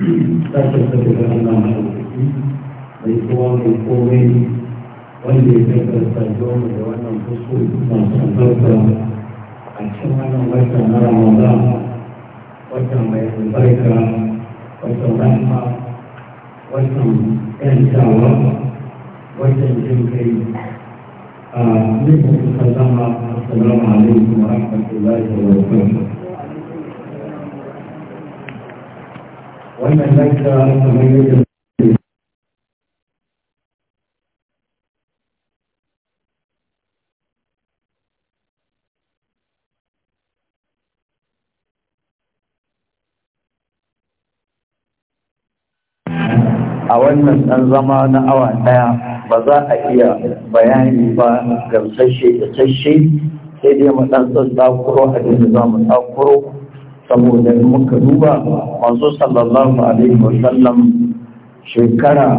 ta tattata da Allah na mai kowa mai komai wanda ya tattata zuwa da wannan fusko masu albarka a cikin wannan wata na Ramadan wata mai albarka wata rahma wata yantawa wata jin kai a nufin sallama assalamu alaikum wa rahmatullahi da barakatuh wannan da kamar yadda a wannan ɗan zama na awa ɗaya ba za a iya bayani ba gamsashe da tashe sai dai mu ɗan tsakuro a da za mu tsakuro saboda muka duba masu sallallahu alaihi wasallam shekara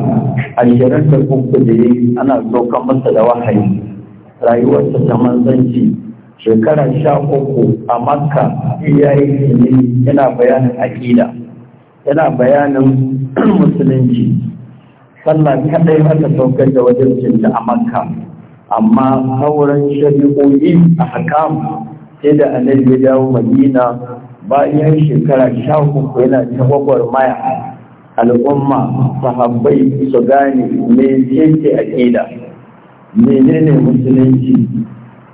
ashirin da uku da yi ana dokan masa da wahayi rayuwarsa ta manzanci shekara sha uku a makka ya yi yana bayanin aƙida yana bayanin musulunci sallah kaɗai aka saukar da wajen a makka amma sauran shari'o'i a hakam sai da annabi ya dawo madina bayan shekara sha hukunku yana ta maya al'umma sahabbai su gane mecece aƙida menene musulunci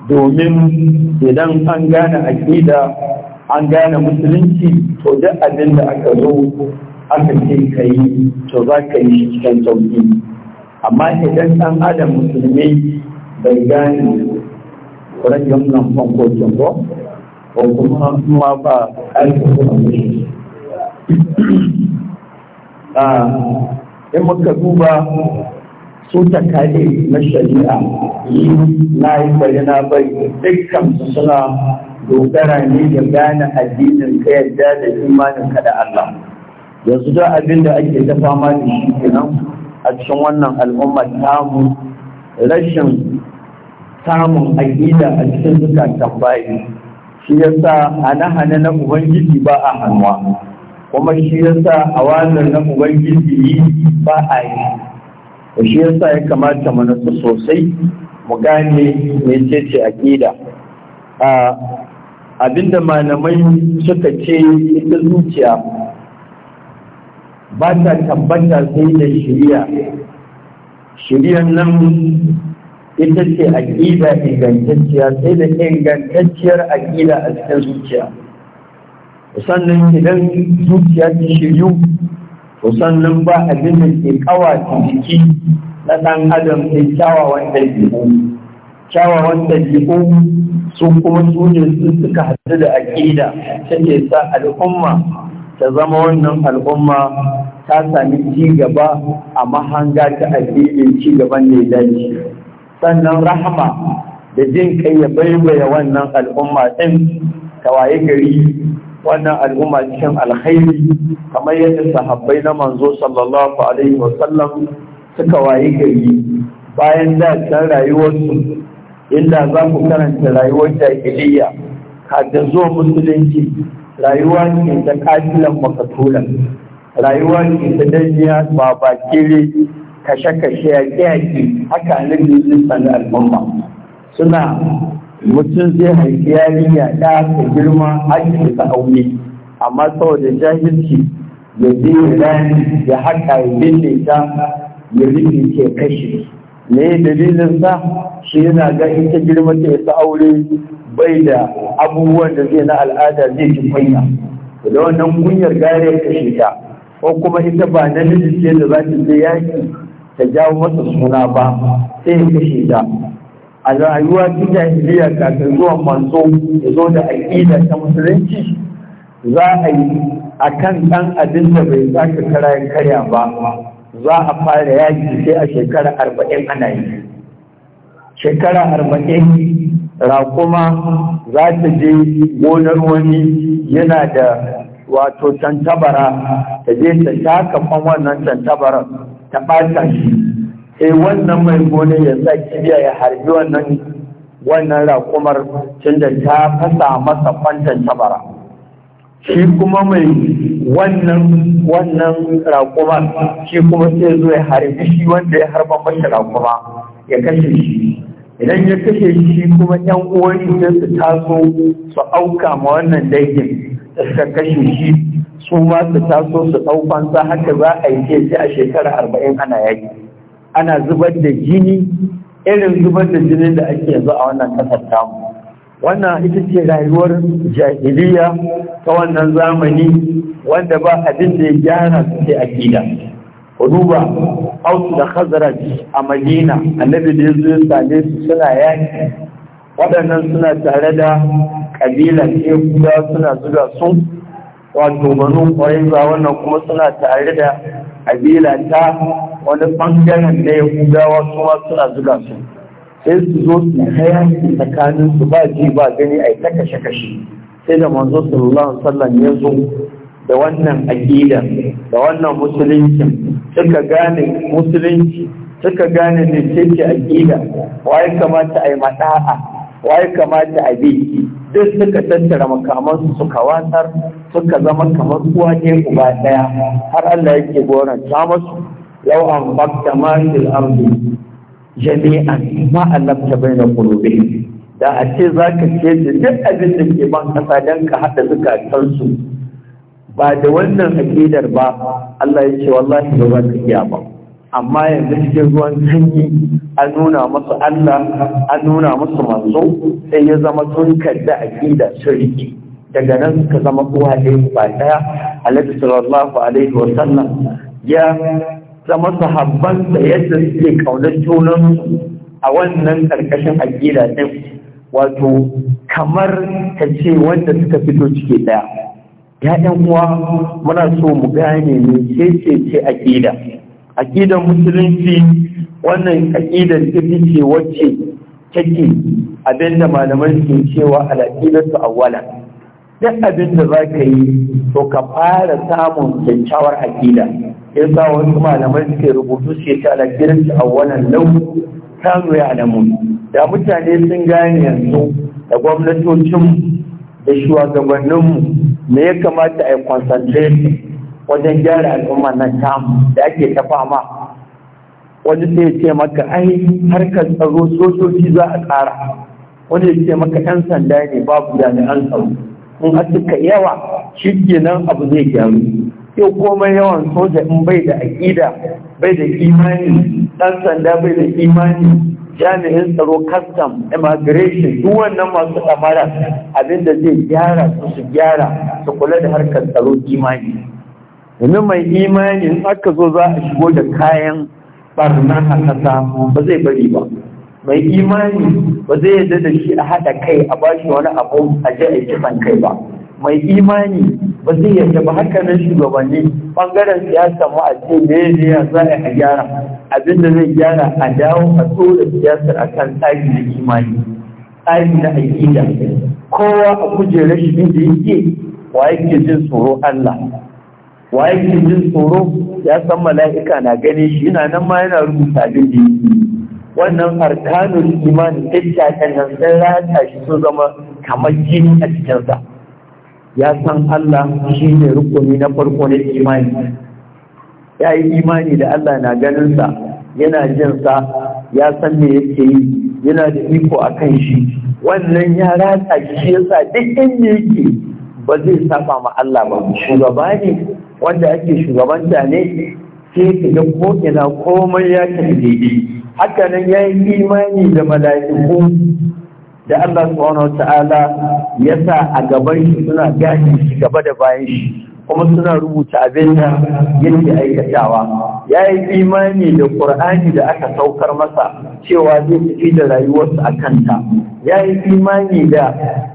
domin idan an gane ƙida an gane musulunci to duk abin da aka zo aka ce ka yi to za ka yi shi cikin sauƙi amma idan ɗan adam musulmi bai gane kurajen nan fankokin jango. òkun máa bá alifin amini in muka duba su takali na shari'a yi na yi bari na bari dukkan su suna dogara ne da gane addinin ka yadda da imanin ka da Allah yanzu da abin da ake ta fama da shi kenan a cikin wannan al'umma tamu rashin samun aƙida a cikin zukatan bayi shi yasa hane-hane na ubangiji ba a hannuwa kuma shi yasa awamir na ubangiji ba a yi shi yasa ya kamata mu nutsu sosai mu gane mecece aqida a abinda malamai suka ce ita zuciya ba ta tabbata sai da shiriya shiryan nan ita ce aƙida ingantacciya sai da ingantacciyar aƙida a cikin zuciya sannan idan zuciya ta shiryu to sannan ba abin da ke ta jiki na ɗan adam sai kyawawan ɗabi'u kyawawan ɗabi'u su kuma su ne su suka haɗu da aƙida ta ke sa al'umma ta zama wannan al'umma ta sami ci gaba a mahanga ta addinin ci gaban da ya dace sannan rahama da jin kai ya baibaya wannan al'umma ɗin tawaye gari wannan al'umma cikin alkhairi kamar yadda sahabbai na manzo sallallahu alaihi wasallam suka waye gari bayan da can rayuwarsu inda za ku karanta rayuwar jahiliya kafin musulunci rayuwa ce ta kafilan makatulan rayuwa ce ta danniya ba bakire kashe-kashe yaƙe-yaƙe haka annabi yusuf sani al'umma suna mutum zai haifi yarinya ɗa ta girma har ta aure amma saboda jahilci ya je rani ya haka ya binne ta ya rufe ke kashe me dalilin sa shi yana ga ita girma ta ya aure bai da abubuwan da zai na al'ada zai ci kwanya da wannan kunyar gare kashe ta ko kuma ita ba na ce da za ta je yaki ta jawo masa suna ba sai ya kashe ta a rayuwa ta jahiliya kafin zuwa manzo ya zo da aƙida ta musulunci za a yi a kan ɗan abin da bai saka kara karya ba za a fara yaki sai a shekara arba'in ana yi shekara arba'in raƙuma za ta je gonar wani yana da wato tantabara ta je ta taka kwan wannan tantabaran ta ɓata shi sai eh, wannan mai gona ya sa kibiya ya harbi wannan wannan raƙumar tunda ta fasa masa kwantar tabara shi kuma mai wannan wannan raƙumar shi kuma sai zo ya harbi shi wanda ya harba masa rakuma ya kashe shi idan ya kashe shi kuma yan uwan su taso su auka ma wannan dangin da suka kashe shi su ma su taso su ɗaukan sa haka za a yi sai a shekara arba'in ana yaki ana zubar da jini irin zubar da jinin da ake yanzu a wannan kasar tamu wannan ita ce rayuwar jahiliya ta wannan zamani wanda ba abin da ya gyara su sai akida ruba ausu da khazraj a madina annabi da yanzu ya same su suna yaki waɗannan suna tare da kabilan yahuda suna zuga sun? wato banu ƙwarinza wannan kuma suna tare da ƙabila ta wani ɓangaren na yahudawa su ma suna zuga sun? sai su zo su hayaki tsakanin su ba ji ba gani a yi ta kashe kashe sai da manzo sallallahu alaihi wasallam ya zo da wannan aƙida da wannan musuluncin suka gane musulunci suka gane mecece aƙida waye kamata a yi maɗa'a waye kamata a bi duk suka tattara makamansu suka watsar suka zama kamar uwa ne uba ɗaya har Allah yake ta masu yau an fakta masil arzi jami'an ma'alabta bai na da a ce za ka ce duk abin da ke ban ƙasa don ka haɗa zukatansu ba da wannan aƙidar ba Allah ya ce wallahi ba za ka iya ba amma yanzu cikin ruwan sanyi an nuna masu Allah an nuna masu manzo sai ya zama sun kadda aƙida sun daga nan suka zama kowa yin ba ɗaya alaihi sallallahu alaihi wa sallam ya zama sahabban da yadda suke kaunar junan a wannan ƙarƙashin aƙida ɗin wato kamar ka ce wanda suka fito cike ɗaya ‘ya'yan uwa muna so mu gane ne ce ce aƙida aƙidan musulunci wannan aƙidar ita ce wacce take abinda malaman ke cewa al'aƙidarsu wala. duk abinda za ka yi to ka fara samun kyakkyawar aƙida sa wasu malaman suke rubutu suke ta al'aƙidarsu wala lau kanu ya alamu da mutane sun gane yanzu da gwamnatocinmu da shugabanninmu me ya kamata a yi concentrate wajen gyara al'umma nan tamu da ake ta fama wani sai ya ce maka ai harkar tsaro sojoji za a wani ya ce maka yan sanda ne babu jami'an tsaro in a suka yawa shi kenan abu zai gyaru yau komai yawan soja in bai da aƙida bai da imani ɗan sanda bai da imani jami'in tsaro custom immigration duk wannan masu tsamara abinda zai gyara su su gyara su kula da harkar tsaro imani domin mai imani aka zo za a shigo da kayan barna a kasa ba zai bari ba mai imani ba zai yarda da shi a haɗa kai a bashi wani abu a je a kai ba mai imani ba zai yadda ba haka nan shugabanni bangaren siyasa ma a ce me ne ya za a gyara abin da zai gyara a dawo a tsora siyasar akan tsari na imani tsari na aƙida kowa a kujerar shi da yake wa yake jin tsoro Allah wa yake jin tsoro ya san mala'ika na gane shi ina nan ma yana rubuta abin da yake wannan arkanul imani dukkan nan sai rata shi sun zama kamar jini a cikinsa. ya san Allah shi ne rukuni na farko na imani ya yi imani da Allah na ganinsa yana jinsa ya san me yake yi yana da iko a kan shi wannan ya ratsa shi yasa duk inda yake ba zai saba ma Allah ba shugaba ne wanda ake shugabanta ne sai ka ga ina komai ya tafi daidai haka nan ya yi imani da mala'iku da Allah subhanahu ya sa a gaban shi suna gashi shi gaba da bayan shi kuma suna rubuta abin da yake aikatawa ya yi imani da Qur'ani da aka saukar masa cewa zai tafi da rayuwarsa a kanta ya yi imani da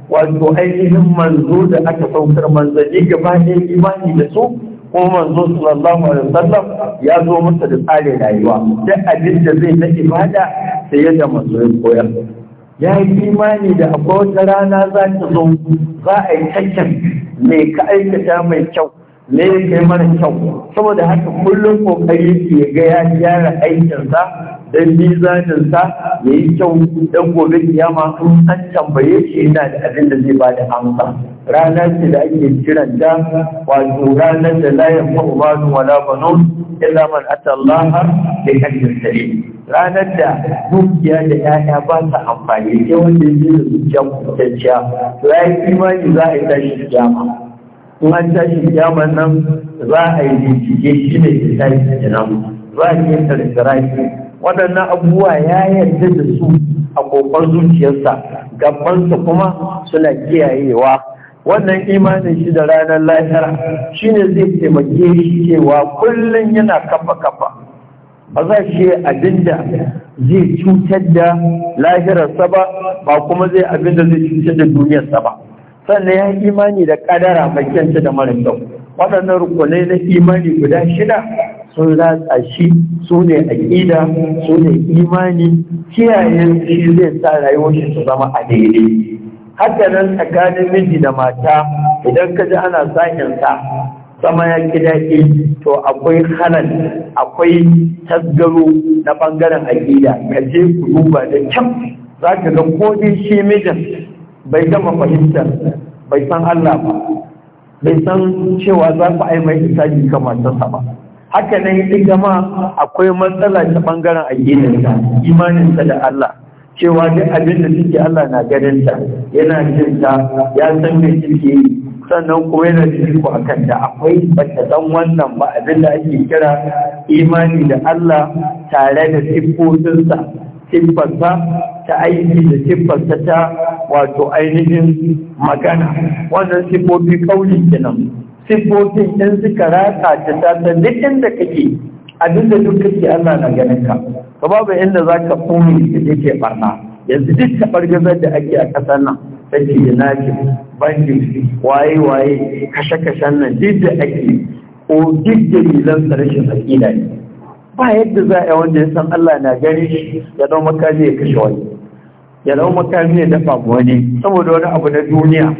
wato ainihin manzo da aka saukar manzanni gaba ɗaya imani da su kuma manzo sallallahu alaihi wasallam ya zo masa da tsarin rayuwa duk abin da zai na ibada sai ya da manzo ya koyar ya yi imani da akwai wata rana za ta zo za a yi cakin mai ka aikata mai kyau ne ya kai mara kyau saboda haka kullum kokari ke ga ya gyara aikinsa dan bizaninsa ya yi kyau dan gobe kiyama ma an tambaye shi yana da abin da zai bada amsa rana ce da ake kiran da wato ranar da la yanfa'u malun wala banun illa man atallaha bi qalbin salim ranar da dukiya da 'ya'ya ba ta amfani sai wanda ya da zuciya kutacciya ranar imani za a yi tashi kiyama in an tashi kiyama nan za a yi bincike shi ne ya tashi kenan za a yi tarsiraki waɗannan abubuwa ya yarda da su a ƙoƙon zuciyarsa gabansa kuma suna kiyayewa wannan imanin shi da ranar lahira shine zai taimake shi cewa kullum yana kafa kafa ba za shi abinda zai cutar da lahirarsa ba ba kuma zai abinda zai cutar da duniyarsa ba sannan ya imani da kadara mai kyanta da mara kyau waɗannan rukunai na imani guda shida sun ratsa shi su ne aƙida su ne imani kiyaye shi zai sa rayuwar shi su zama a daidai haka nan tsakanin miji da mata idan ka ji ana sakin sa sama ya kidaɗi to akwai halal akwai tasgaro na ɓangaren aƙida ka je ku duba da kyau za ka ga ko dai shi mijin bai gama fahimtar bai san Allah ba bai san cewa za ku ai mai isaji kamar matarsa ba haka nan ita ma akwai matsala ta ɓangaren aƙidarsa imaninsa da Allah cewa duk abin da suke Allah na ganin ta yana jin ta ya san me suke yi sannan kuma yana da iko a ta. akwai bata san wannan ba abin da ake kira imani da Allah tare da siffofinsa siffarsa ta aiki da siffarsa ta wato ainihin magana wannan siffofi kauli kenan siffofin in suka rata ta tasar duk inda kake abinda duk kake Allah na ganin ka ka babu inda za ka kome da yake barna yanzu duk taɓar bargazar da ake a ƙasar nan sake united banki waye waye kashe kashen nan duk da ake ko duk da sa rashin aƙida ne ba yadda za a yi wanda ya san Allah na gani shi ya dau makami ya kashe wani ya zama makami ya dafa mu wani saboda wani abu na duniya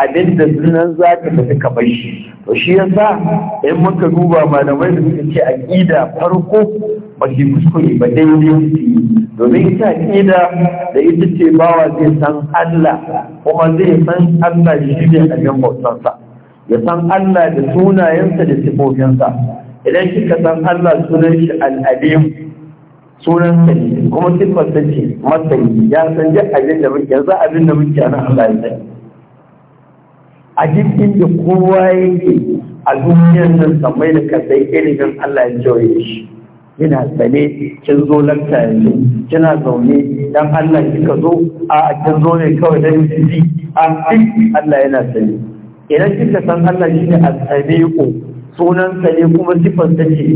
abinda sunan za ka tafi ka bai shi to shi yasa in muka duba malamai da suka ce aqida farko ba ki kuskure ba daidai su domin ita aqida da ita ce bawa zai san Allah kuma zai san Allah shi ne a gan bautansa ya san Allah da sunayensa da sifofinsa idan kika san Allah sunan shi al sunan sani kuma siffar ta ce masani ya san duk abin da muke a abin da muke Allah ya sani a duk inda kowa yake a duniyar nan samai da kasai ilimin Allah ya joye shi yana sane kin zo lakta yanzu kina zaune dan Allah kika zo a kin zo ne kawai dan ji a Allah yana sane idan kika san Allah shine as-sami'u sunan Sani kuma sifar ta ce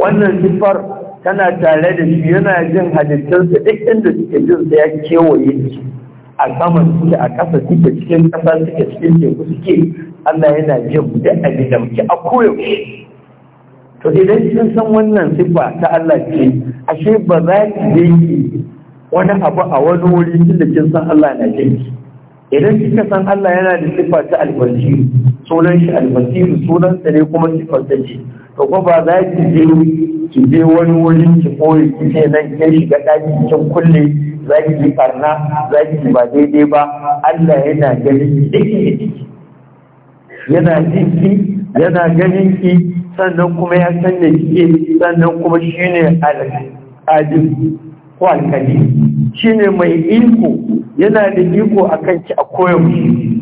wannan sifar tana tare da shi yana jin halittarsa duk inda suke jin sa ya kewaye shi a saman suke a ƙasa suke cikin ƙasa suke cikin teku suke Allah yana jin duk abin da muke a koyaushe to idan kin san wannan siffa ta Allah ce ashe ba za ki yi wani abu a wani wuri da kin san Allah na jin ki idan kika san Allah yana da siffa ta albasiru sunan shi albasiru sunan sa ne kuma siffar ta ce to ko ba za ki je ki je wani wurin ki koyi ki ce nan ke shiga daki kin kulle za ki yi karna za ki yi ba daidai ba Allah yana ganin ki yana jin ki yana ganin ki sannan kuma ya san da kike sannan kuma shine alƙadir ko alkali shine mai iko yana da iko a kanki a koyon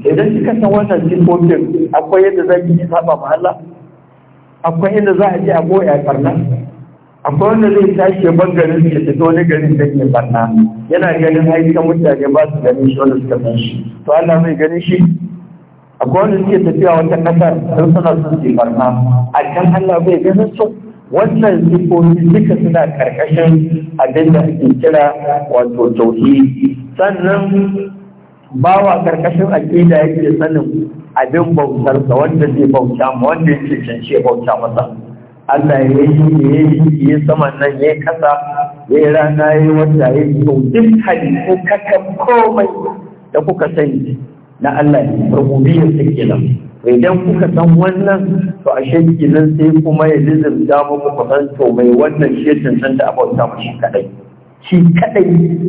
idan kika san wannan sifofin akwai yadda za ki saba ma Allah akwai yadda za a je a boye karna akwai wanda zai tashi ya ban garin ya fito wani garin da ke barna yana ganin haikan mutane ba su ganin shi wanda suka san shi to Allah zai ganin shi akwai wanda suke tafiya wata kasar don suna son ke barna a kan Allah bai ganin su wannan sifofi duka suna karkashin abin da ake kira wato tauhi sannan bawa karkashin da yake sanin abin bautar bautarsa wanda zai bauta ma wanda yake cance bauta masa Allah ya yi ya yi sama nan ya kasa ya yi rana ya yi wata ya yi to duk halittu kakan komai da kuka sani na Allah ne rububiyar ta kenan idan kuka san wannan to a shakki nan sai kuma ya lizimta muku kusan to mai wannan shekin san da a bauta mu shi kadai shi kadai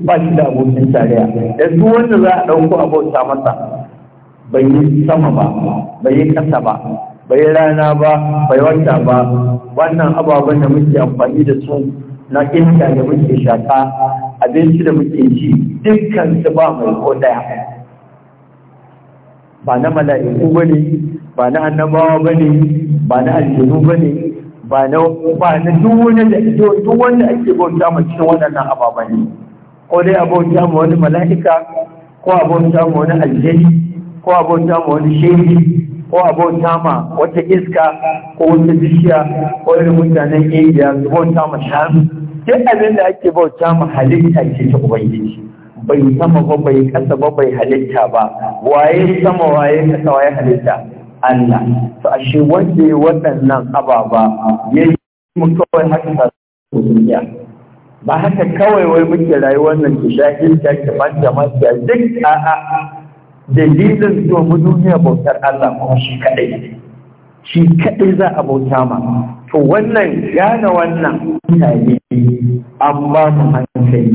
ba shi da abokin tarayya da su wanda za a dauko a masa bai yi sama ba bai yi kasa ba bai rana ba bai wata ba wannan ababen da muke amfani da su na inda da muke shaka abinci da muke ci dukkan su ba mai ko daya ba na mala'iku bane ba na annabawa bane ba na aljihu bane ba na ba na duk da wanda ake bauta mai cikin waɗannan ababa ne ko dai a bauta ma wani mala'ika ko a bauta ma wani aljihu ko a bauta ma wani shehi ko a bauta ma wata iska ko wata bishiya ko irin mutanen indiya su bauta ma shanu duk abin da ake bauta ma halitta ce ta ubangiji bai sama ba bai kasa ba bai halitta ba waye sama waye kasa waye halitta Allah to ashe wanda ya waɗannan ababa ya yi mu kawai haka duniya ba haka kawai wai muke rayuwar nan ki shakin ta ta ma ta duk a'a dalilin to mu duniya bautar Allah kuma shi kadai shi kadai za a bauta ma to wannan gane wannan mutane amma ba mu hankali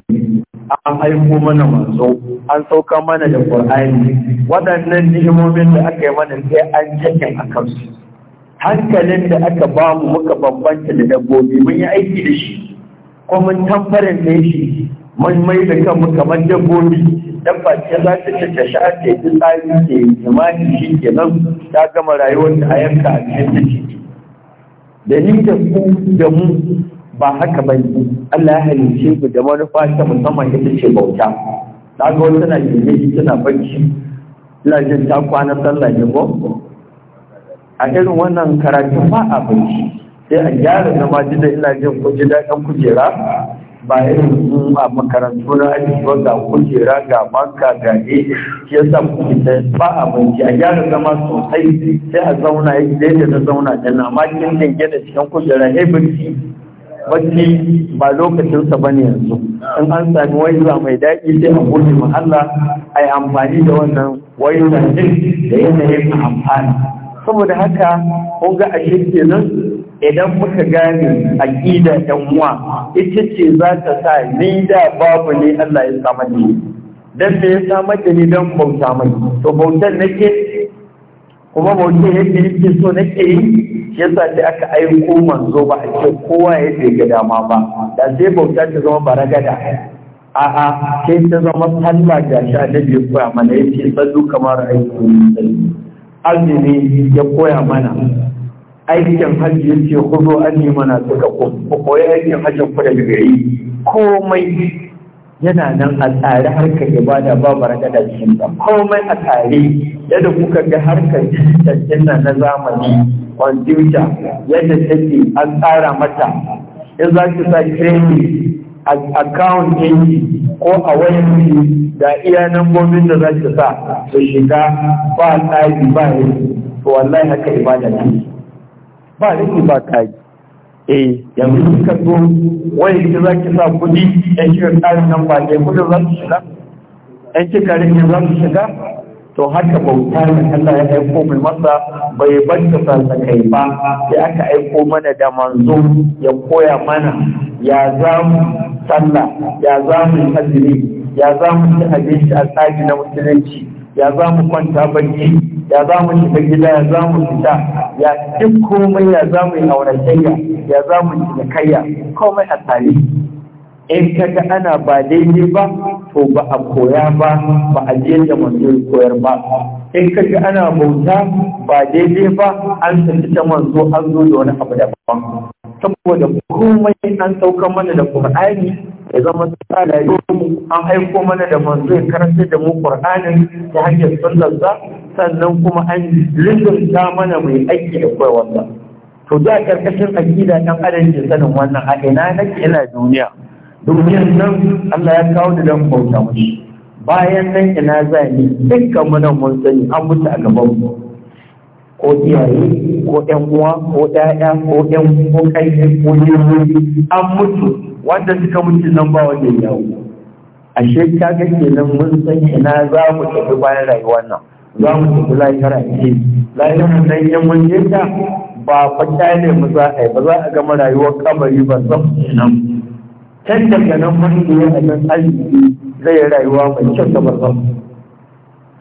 an aiko mana manzo an sauka mana da qur'ani waɗannan ni'imomin da aka yi mana sai an cikin a kansu hankalin da aka ba mu muka bambanta da dabbobi mun yi aiki da shi ko mun tamfarin da shi mun mai da kanmu kamar dabbobi dan face za ta ce ta sha ta tsari ke jima'i shi ke nan ta gama rayuwar da a yanka a cikin da ni da ku da mu ba haka ba ne Allah ya halice mu da manufa ta musamman ita ce bauta da ga wata na jirgin tana bacci ina jin ta kwana sallah ne ko a irin wannan karatu ba a bacci sai a gyara zama jida ina jin kuji ji daɗin kujera ba irin a makarantu na aji ba ga kujera ga banka ga ne shi ya sa kuma ta ba a bacci a gyara zama sosai sai a zauna yadda na zauna da na makin dangane cikin kujera ya bacci bacci ba lokacinsa ba ne yanzu in an sami wayuwa mai daɗi sai a gode ma Allah a yi amfani da wannan wayuwa din da yanayin amfani saboda haka kun ga a nan idan muka gane aƙida ɗan uwa ita ce za ta sa ni da babu ne Allah ya samar da ni dan me ya samar da ni dan bauta mai to bautar nake kuma bauta yadda yake so na ke yi sa sai aka aiko manzo ba a ce kowa ya ce ga dama ba da sai bauta ta zama baragada a'a sai ta zama sallah ga sha da biyu koya mana ya ce sallu kamar aiki azumi ya koya mana aikin hajji ya ce kuzo an yi mana suka koyi aikin hajji ku da gari komai yana nan a tsare harkar ibada ba da cikin ba. komai a tsare yadda kuka ga harkar cikin na zamani kwamfuta yadda take an tsara mata in za ki sa credit account ɗinki ko a wayanki da iya nambobin da za ki sa su shiga ba tsari ba ne to wallahi haka ibada ne ba riki ba tsari eh yanzu kika zo wani kika za ki sa kuɗi yan shiga ƙarin nan ba ke kuɗin za su shiga yan kare rike za su shiga to haka bauta da Allah ya aiko mai masa bai banta kai ba sai aka aiko mana da manzo ya koya mana ya za mu sallah ya za mu azumi ya za mu ci abinci a tsari na musulunci ya za mu kwanta barci ya za mu shiga gida ya za mu fita ya duk komai ya za mu yi auratayya ya za mu shiga kayya komai a tare in ka ga ana ba daidai ba to ba a koya ba ba a je da ya koyar ba in ka ga ana bauta ba daidai ba an tafi ta manzo an zo da wani abu daban saboda komai an sauka mana da Qur'ani ya zama tsada mu an aiko mana da manzo ya karanta da mu Qur'anin ta hanyar sallarsa sannan kuma an lindunta mana mai aiki da koyarwa to da karkashin akida dan adam ke sanin wannan a ina nake ina duniya duniyar nan Allah ya kawo da dan bauta mushi bayan nan ina zane dukkan mu nan sani an mutu a gaban mu ko iyaye ko ɗan uwa ko ɗaya ko ɗan ko kai ko jirgi an mutu wanda suka mutu nan ba wanda ya dawo ashe kaga kenan mun san ina za mu tafi bayan rayuwar nan za mu tafi a ce mu nan yan mun je ta ba fa kyale mu za a yi ba za a gama rayuwar kabari ba san nan can daga nan mun yi a nan arziki zai rayuwa mai kyau ta ba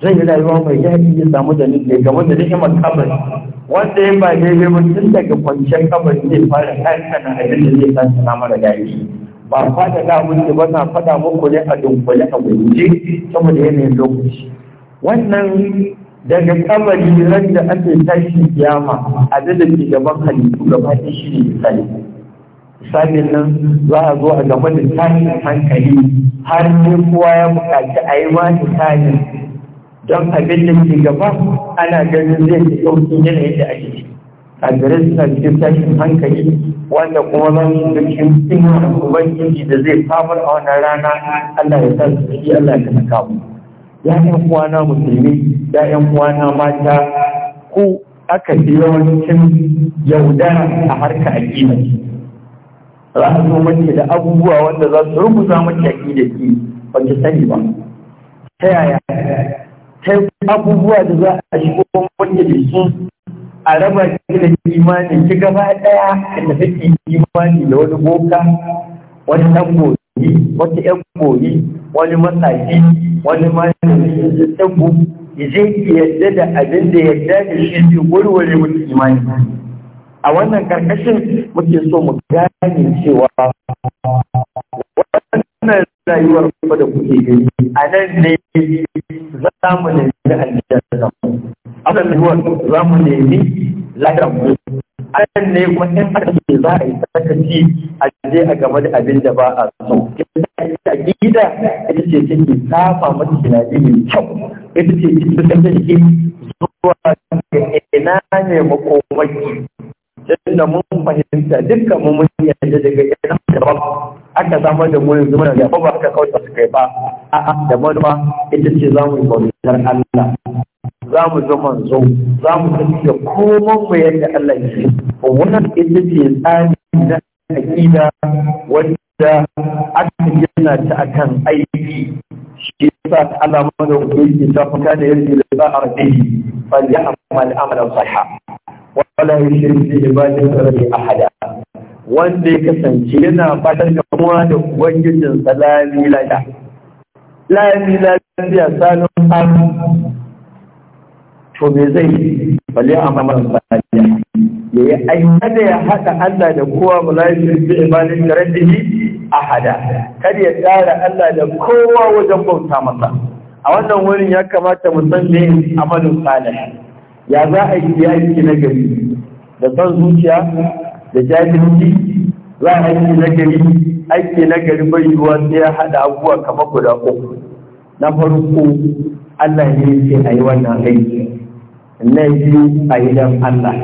Zan yi rayuwa mai daɗi ya samu da nufi game da ni'imar kabari wanda ya ba daidai ba tun daga kwanciyar kabari zai fara kankana abin da zai kankana mara daɗi ba fada da abin da ba na fada muku ne a dunkule a guje saboda yanayin lokaci wannan daga kabari ran da ake tashi kiyama abin da ke gaban halittu gaba ɗaya shi ne misali misalin nan za a zo a gaba da tashin hankali har ne kowa ya buƙaci a yi ma misali don abin da ke gaba ana ganin zai fi ɗauki yanayin da ake A gare suna cikin tashin hankali wanda kuma zan dukkan inuwar ubangiji da zai famar a wannan rana Allah ya sa su ciki Allah ya saka mu ya'yan na musulmi ya'yan na mata ku aka fi yawancin yauda a harka aƙida za a zo mace da abubuwa wanda za su rubuta mace aƙida ki ba sani ba ta yaya sai abubuwa da za a shigo wanda da su a raba ki da imani ki gaba daya da take imani da wani boka wani dan wata yan goyi wani masaji, wani malami da tsabu je ki yadda da abin da yadda da shi ne warware mutu imani a wannan karkashin muke so mu gane cewa wannan rayuwar kuma da kuke gani a nan ne za mu nemi aljanna a nan ne za mu nemi lafiya mu a nan ne kuma in aka ce za a yi sakaci a je a game da abin da ba a so a gida ita ce take safa mata tunani mai kyau ita ce ita take zuwa ga ina ne makomaki tunda mun fahimta dukkan mu mun yarda daga ina da aka samar da mu yanzu mana da ba aka kawai su kai ba a'a da manufa ita ce za mu yi bautar Allah za mu zo manzo za mu tafi da komai mu yadda Allah ya wannan ita ce tsari na aƙida wanda aka gina ta akan aiki shi yasa ta Allah da hukunci ta fita da yarda da za a rabe fa ya amal amalan sahha wala yushrik bi ibadati rabbi ahada wanda ya kasance yana fatan kamuwa da ubangijin salami lada lami lafiya salon aru to me zai bale a mamar saliya ya yi aiki. da ya haɗa Allah da kowa mulayin bi imanin karadihi a hada kada ya tsara Allah da kowa wajen bauta masa a wannan wurin ya kamata mu san me amalin salih ya za a yi yaki na gari da san zuciya da jahilci za a aiki na gari aiki na gari bai yiwuwa sai ya haɗa abubuwa kamar guda uku na farko Allah ne ce a yi wannan aiki na biyu a yi dan Allah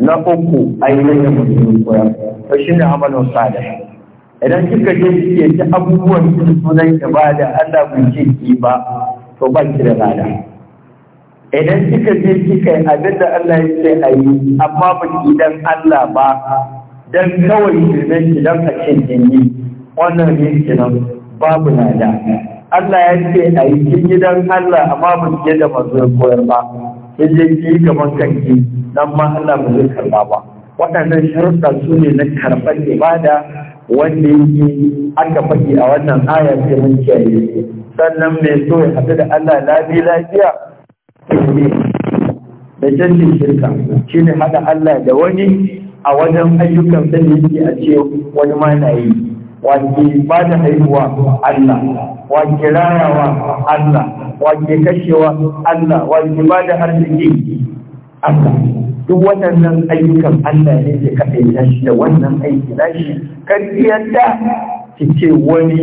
na uku a yi nan yamma su koya to shi ne amalin sada idan kika je ke ta abubuwan su sunan ibada Allah bai ce ki ba to ba ki da lada idan kika je kika yi abin da Allah ya ce a yi amma ba ki dan Allah ba don kawai shirmen shi don a cin jini wannan ne nan babu da Allah ya ce a yi cikin gidan Allah amma ba ki da mazo koyar ba sai dai ki gaban kanki dan ma Allah ba zai karba ba waɗannan sharuɗa su ne na karɓar ibada wanda yake aka faɗi a wannan aya sai mun kiyaye sannan mai so ya haɗu da Allah lafi lafiya da canjin shirka shine haɗa Allah da wani a wajen ayyukan da yake a ce wani ma na yi wake ba da haihuwa Allah wake rayawa Allah wake kashewa Allah wake ba da arziki Allah duk waɗannan ayyukan Allah ne ke kaɗai nashi da wannan aiki nashi kan yadda ki ce wani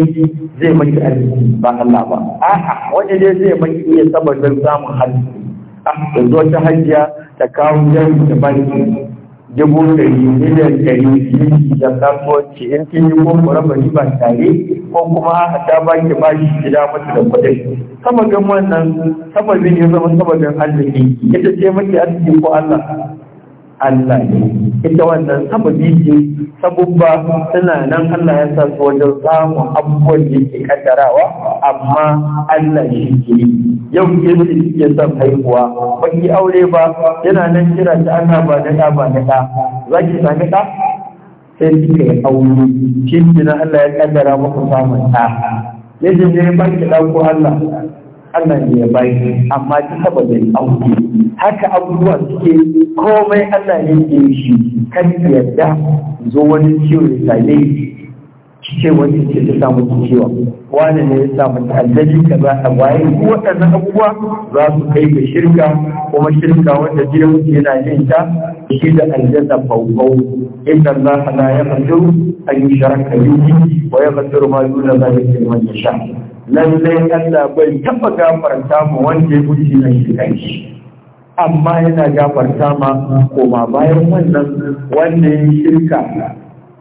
zai maki arziki ba Allah ba a'a wani dai zai maki iya saboda samun arziki a ah, yanzu wata hajiya ta kawo jami'a da baki dubu ɗari miliyan ɗari biyu da samu wacce in kin yi ko ku raba riba tare ko kuma a ta ba ki ba shi gida mata da kuɗin sama gan wannan sama zai zama sama gan arziki ita ce maki arziki ko Allah Allah ne ita wannan sababi ce sabubba suna nan Allah ya sa su wajen samun abubuwan da yake kaddarawa amma Allah shi ke yau ke su ke son haihuwa ba ki aure ba yana nan kira ta ana ba na ɗa ba na ɗa za ki sami ɗa sai kika yi aure shi ne Allah ya kaddara muku samun ɗa yadda ne ba ki ɗauko Allah Allah ne ya bayi amma ta sababin auki haka abubuwa suke komai Allah ne ke shi kan yadda zo wani ciwo ya same ce wani ce ta samu ciwo wani ne ya samu tallafi ka za a waye waɗannan abubuwa za su kai ga shirka kuma shirka wanda gidan mutu yana yin ta shi da aljanna faufau inda Allah ya yaghfiru an yushraka bihi wa yaghfiru ma duna zalika liman yasha lallai Allah bai taɓa gafarta ma wanda ya guji na shi amma yana gafarta ma koma bayan wannan wanda ya shirka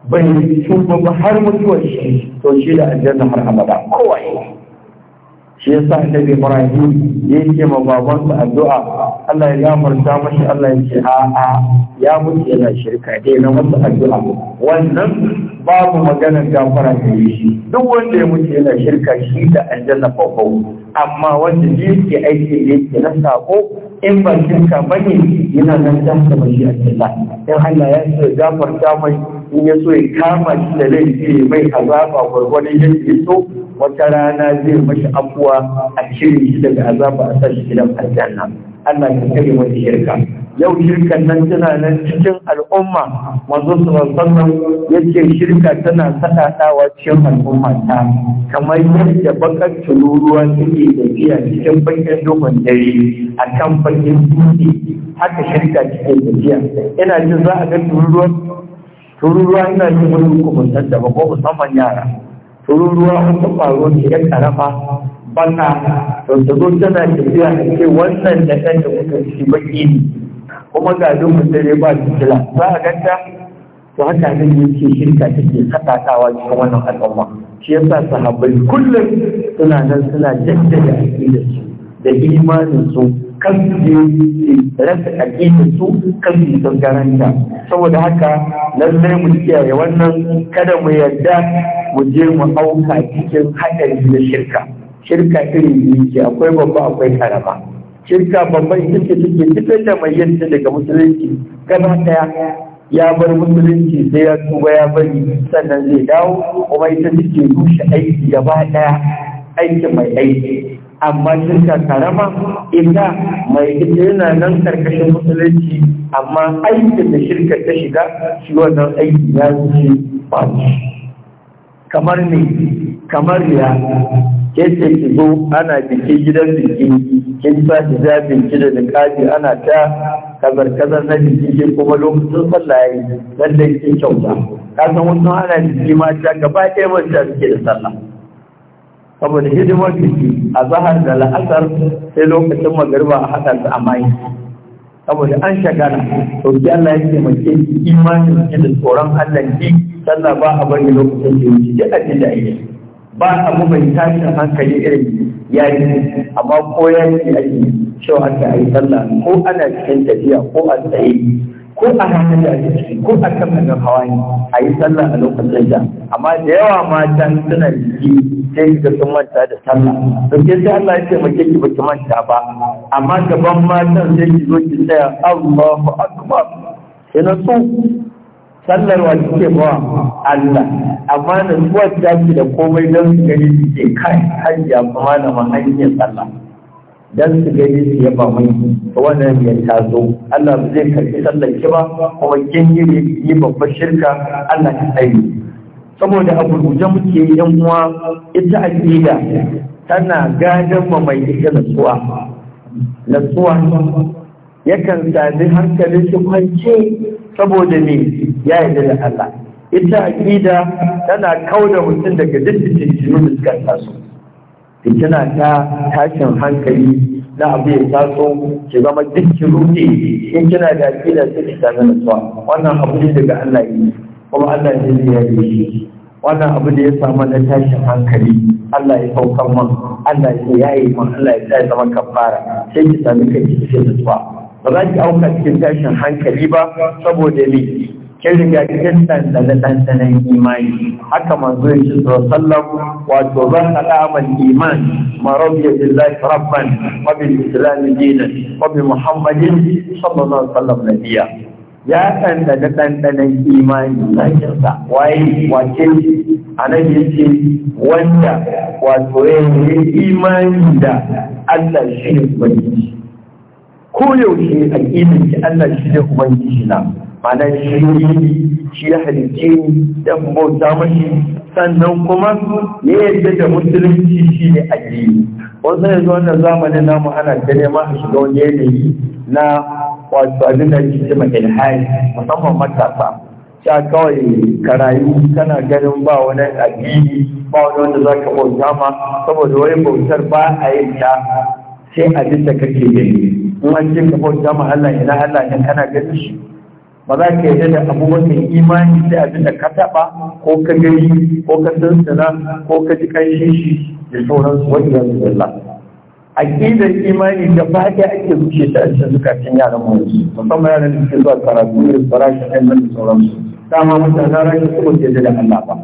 bai tuba ba har mutuwar shi to shi da aljanna har abada kowaye shi yasa annabi ibrahim ya ma babansa addu'a Allah ya gafarta mashi Allah ya ce a'a ya mutu yana shirka dai na masa addu'a wannan babu maganar gafara ta yi shi duk wanda ya mutu yana shirka shi da aljanna fafau amma wanda ji ke aiki da yake na sako in ba shirka bane yana nan ta saba shi a cikin in Allah ya ce gafarta mai in ya so ya kama shi da laifi mai azaba gwargwadon yadda ya so wata rana zai mashi afuwa a cire shi daga azaba a sa gidan aljanna Allah ya kare wani shirka yau shirkan nan tana nan cikin al'umma manzo sallallahu yace shirka tana sadadawa cikin al'umma ta kamar yadda bakar tururuwa take da iya cikin bakin dogon dare akan bakin dutse haka shirka cikin da ina jin za a ga tururuwa tururuwa ina yin wurin kubutar da bako musamman yara tururuwa in ta faru ne ya karafa banna to ta zo tana tafiya ta ce wannan da ɗan da muka shi baki ne kuma ga dukkan dare ba fitila za a ganta to haka ne ke shirka take sakatawa cikin wannan al'umma shi yasa sahabbai kullum suna nan suna jaddada da su da imanin su kan je rasa aƙidar su kan su sun saboda haka lallai mu kiyaye wannan kada mu yarda mu je mu auka cikin haɗari da shirka shirka iri biyu ke akwai babba akwai karama shirka babban ita ce take fitar da mai yadda daga musulunci gaba ɗaya ya bar musulunci sai ya tuba ya bari sannan zai dawo kuma ita take rushe aiki gaba daya aikin mai aiki amma shirka karama inda mai ita yana nan karkashin musulunci amma aikin da shirka ta shiga shi wannan aiki ya zuci ba kamar ne kamar ya ke ce ki zo ana biki gidan biki kin sa ki za biki da niqabi ana ta kazar kazar na biki ke kuma lokacin sallah lallai lalle kyauta Kasan san wannan ana biki mata gaba ɗaya mata suke da sallah saboda hidimar jiki a zahar da la'asar sai lokacin magariba a haɗa su a saboda an shagana to Allah ya ce mace imanin ki da tsoron Allah ki sannan ba a bari lokacin da ya duk a da ba abu mai tashin hankali irin ya yi amma ko ya yi ake cewa aka yi sallah ko ana cikin tafiya ko a tsaye ko a ranar da ake ciki ko a kan nan hawa ne a yi sallah a lokacin da amma da yawa matan suna jiki sai ga sun manta da sallah to ke sai Allah ya mace ki baki manta ba amma gaban matan sai ki zo ki tsaya Allahu akbar sai na so sallar wa kike ba Allah amma na zuwa ki da komai don gani ke kai hanya kuma na hanyar sallah dan su gani su yaba mai wannan ya tazo Allah ba zai karbi sallar ki ba kuma kin yi yi babbar shirka Allah ya tsare saboda abu guje muke yan uwa ita aqida tana gadan ma mai ita nasuwa nasuwa yakan sami hankalin shi kwance saboda me ya yi da Allah ita aqida tana kauda mutum daga dukkan da suka taso tana ta tashin hankali na abu ya taso ki zama duk ki rufe in kina da kila sai ki tare da tsawa wannan abu ne daga Allah yi kuma Allah ne zai yi shi wannan abu da ya samu na tashin hankali Allah ya saukar man Allah ya yayi man Allah ya tsaya zama kafara sai ki sami kai ki da tsawa ba za ki auka cikin tashin hankali ba saboda me kin riga kin ɗanɗana ɗanɗanan imani haka manzo ya ce sallam wato zan alamal iman ma rabbiya billahi rabban wa bil islam dinan wa bi muhammadin sallallahu alaihi wasallam nabiyya ya ɗanɗana ɗanɗanan imani lakinsa waye wace anan ya ce wanda wato ya yi imani da Allah shi ne ubangiji ko yaushe a ƙinin Allah shi ne ubangiji na mana shi shi ya halice ni dan bauta mashi sannan kuma ya yadda da musulunci shi ne addini wasu yanzu na zamanin namu ana ta nema a shiga wani yanayi na wasu abin da ake cewa ilhari musamman matasa ta kawai karayu kana ganin ba wani addini ba wani wanda za ka bauta ma saboda wani bautar ba a yin ta sai abin da kake gani in an ce ka bauta ma Allah ina Allah ina kana ganin shi ba za ka yarda da abu wanda imani da abin da ka taɓa ko ka gani ko ka sansana ko ka ji ƙanshin shi da sauransu wani yanzu billah aƙidar imani da ba ake zuke ta a cikin zukatan yaran mu musamman yaran da suke zuwa karatu da farashin ɗan nan da sauransu dama mutane rashin su ba da Allah ba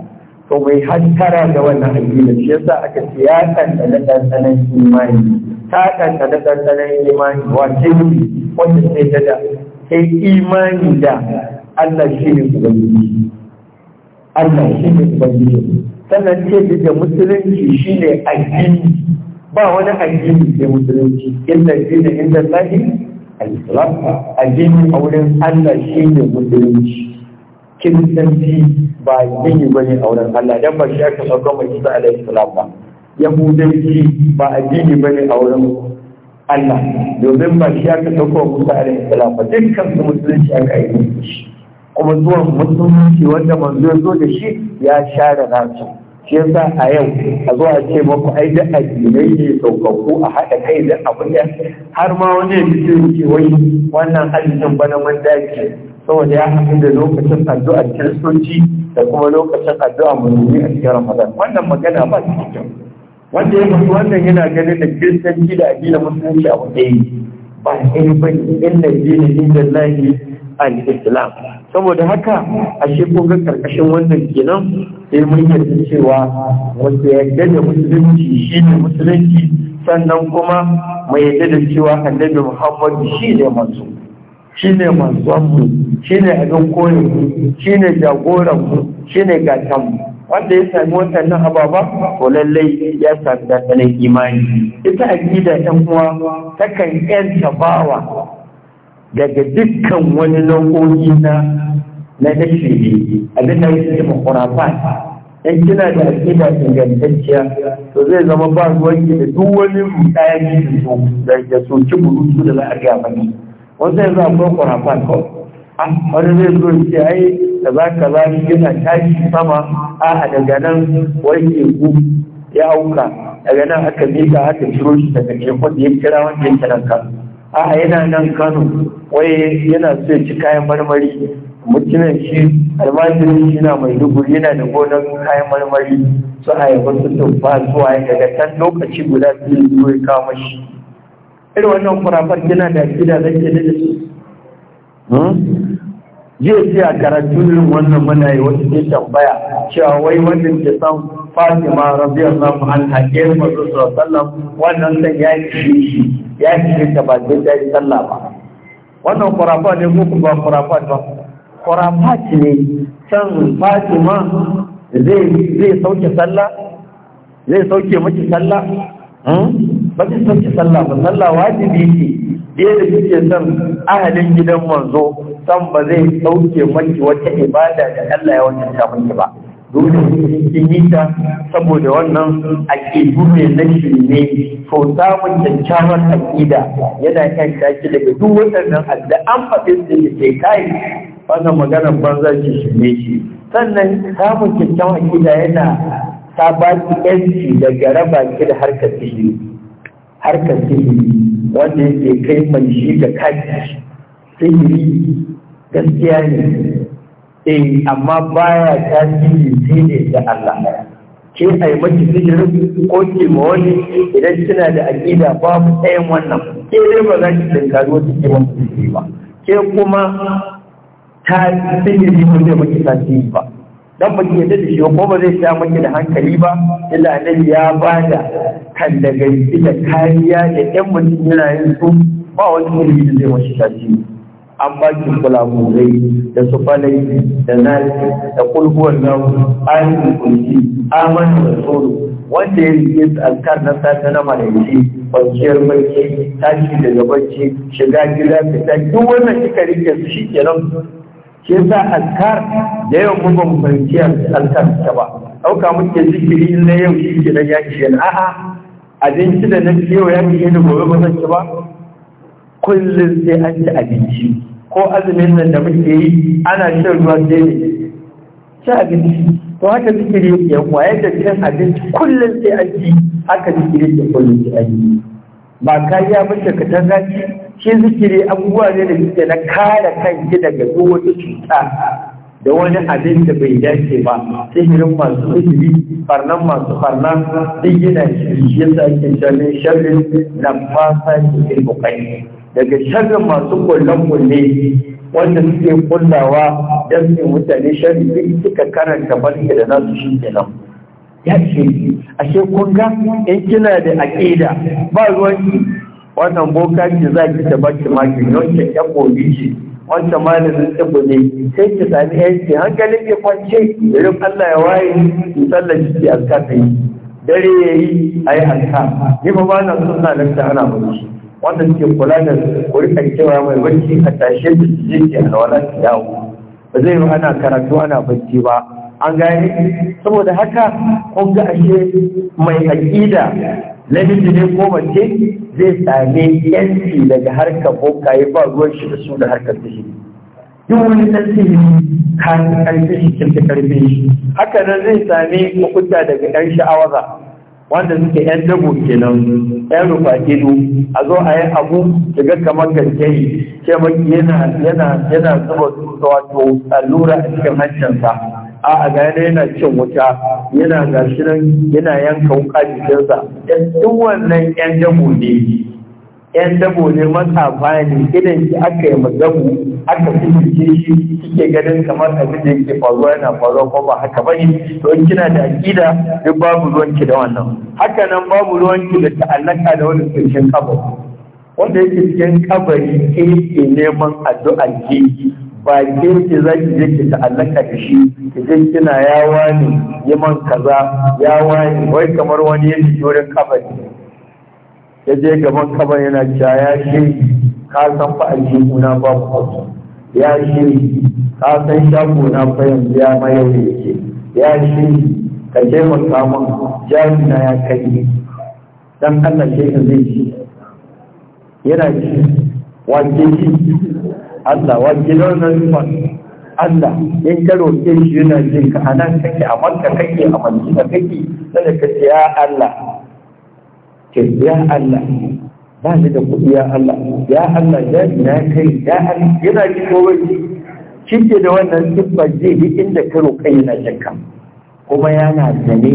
to mai hattara da wannan aƙidar shi yasa aka ce ya da ɗanɗanon imani ta da ɗanɗanon imani wace ne wanda sai da kai imani da Allah shi ne ubangiji Allah shi ne ubangiji sannan ce da musulunci shi ne addini ba wani addini sai musulunci inda dina inda lahi al-islam addini a wurin Allah shi ne musulunci kiristanci ba addini ba ne a wurin Allah dan ba shi aka sauka mai isa alaihi salam ba yahudanci ba addini ba ne a wurin Allah domin ba shi aka dauko Musa alaihi salam ba dukkan su musulunci aka yi shi kuma zuwan musulunci wanda manzo ya zo da shi ya sha da nasu shi yasa a yau a zo ce maku ai da addinai ne saukakku a haɗa kai da abu ɗaya, har ma wani ya fito ce wai wannan hadisin bana mun dace saboda ya haɗu da lokacin addu'ar kiristoci da kuma lokacin addu'ar musulmi a cikin ramadan wannan magana ba ta cikin wanda ya mutu wannan yana ganin da kiristanci da addinin musulunci a wata yi ba in ban inna dini lahi al-islam saboda haka a kun ga karkashin wannan kenan sai mun yarda cewa wanda yarda da musulunci shi ne musulunci sannan kuma mai yarda da cewa annabi muhammadu shi ne manzo shi ne manzon mu shi ne abin koyon shi ne jagoran mu shi ne gatan mu wanda ya sami waɗannan ababa ko lallai ya sami dakanin imani ita aƙida ɗan uwa takan yanta bawa daga dukkan wani nau'o'i na na nashiri abin da yake ce makurafat in kina da aƙida ingantacciya to zai zama ba ruwanki da duk wani rudaya ne da buru su da za a gaya mani wanda yanzu akwai kurafat kawai wani zai zo ce ai da zaka ka ba yana tashi sama a daga nan wani ku ya auka daga nan aka mika aka ciro shi daga tekun ya kira wanda ya kira ka a yana nan kano wai yana so ya ci kayan marmari mutumin shi almajirin shi na mai dubu yana da gonar kayan marmari su a yaba su tumfa zuwa ya daga can lokaci guda su zuwa ya kawo mashi irin wannan kurafar yana da gida zai da su Hmm? jiya ce a karatu yin wannan mana yi wasu ke tambaya cewa wai wannan ke san fatima rabiyar nan an haƙe masu sallam wannan san ya yi shi ya shi ta ba zai ta yi sallah ba wannan kurafa ne ko ba kurafa ba kurafa ce ne san fatima zai sauke sallah zai sauke maki sallah hmm? ba zai sauke sallah ba sallah wajibi ce da kike san ahalin gidan manzo san ba zai dauke maki wata ibada da Allah ya ta miki ba dole kin yi ta saboda wannan aqidu ne na shirme Ko samun kyakkyawan aqida yana kan shi daga duk waɗannan adda an faɗi da ke kai fasa maganar banza ki shirme shi sannan samun kyakkyawan aqida yana ta ba ki yanci daga raba ki da harkar sihiri harkar sihiri wanda yake kai mai shi da kaji sihiri gaskiya ne eh amma baya sihiri sai ne da Allah ke a yi maki sihirin ko ke ma wani idan kina da aƙida babu ɗayan wannan ke dai ba za ki dinkari wata ke wani sihiri ba ke kuma ta sihiri ko zai maki sihiri ba dan baki yadda da shi ko ba zai sha maki da hankali ba illa annabi ya bada kan daga da kariya da yan mutum yana yin su ba wani mulki da zai mashi tasiri an ba ki kulamurai da su falai da nasi da kulhuwar nawu ayin kulki aman da tsoro wanda ya rike alkar na sata na malayci kwanciyar mulki tashi da gabanci, shiga gida fita duk wannan kika rike su shi kenan ke sa azkar da yau mu ban fahimci azkar ta ba ɗauka muke zikiri na yau shi ke ya ce na a'a abinci da na yau ya ishe ni gobe ba zan ci ba kullum sai an ci abinci ko azumin nan da muke yi ana shan ruwa sai ne ci abinci to haka zikiri ya yawa yadda cin abinci kullum sai an ci haka zikiri da kullum sai an yi ba kariya ba ce ka ta shi zikiri abubuwa ne da suke na kare kanki daga duk wata cuta da wani abin da bai dace ba sihirin masu sihiri farnan masu farnan duk yana shi yasa ake sharrin sharrin na fasa cikin bukai daga sharrin masu kulle-kulle wanda suke kullawa don su mutane sharri duk suka karanta barke da nasu shi kenan ya ce ashe kun ga in kina da aƙida ba ruwan wannan boka ce za ki ta baki maki yankin yan kogi ce wancan malamin tabo ne sai ki sami yanki hankalin ya kwance irin allah ya waye in tsallaci ki aska ta yi dare ya yi a yi aska ni ba ba na suna ta ana shi wanda suke kula da a cewa mai barci a tashe da su je ke alwala ki yawo ba zai ana karatu ana barci ba an gane saboda haka kun ga ashe mai aƙida na ne ko mace zai same yanci daga harkar bokaye ba ruwan shi da su da harkar shi duk wani ɗan shi kan ƙarfi shi kin ƙarfi shi haka nan zai same makuta daga ƴan sha'awaza wanda suke yan dabo kenan yan rufa ido a zo a yi abu daga kamar gangayi ce yana yana yana zuba wato allura a cikin hancinsa A'a ga yana cin wuta yana gashi nan yana yanka wuka jikinsa duk wannan yan dabo ne yan dabo ne baya ne idan ki aka yi mazabu aka fifice shi kike ganin kamar abin da yake faruwa yana faruwa ko ba haka bane to in kina da akida duk babu ruwanki da wannan haka nan babu ruwanki da ta'allaka da wani kirkin kabari wanda yake cikin kabari ke neman addu'a ke ba ke ce za ki je ki ta'allaka da shi ki je kina yawa ne yi man kaza yawa ne wai kamar wani ya ji wurin ne ya je gaban kabari yana cewa ya shi ka san fa aljihu na ba ku ya shi ka san shago na fa yanzu ya mayar da yake ya shi ka taimaka min jari na ya kai dan Allah ka zai ci yana ci wace shi Allah wa gidan man Allah in ka roƙe shi yana jin ka anan kake a makka kake a madina kake sai ka ce ya Allah ke ya Allah ba ni da kuɗi ya Allah ya Allah ya ina kai ya Allah yana ji ko bai kike da wannan siffa je bi inda ka roƙa yana jin ka kuma yana sane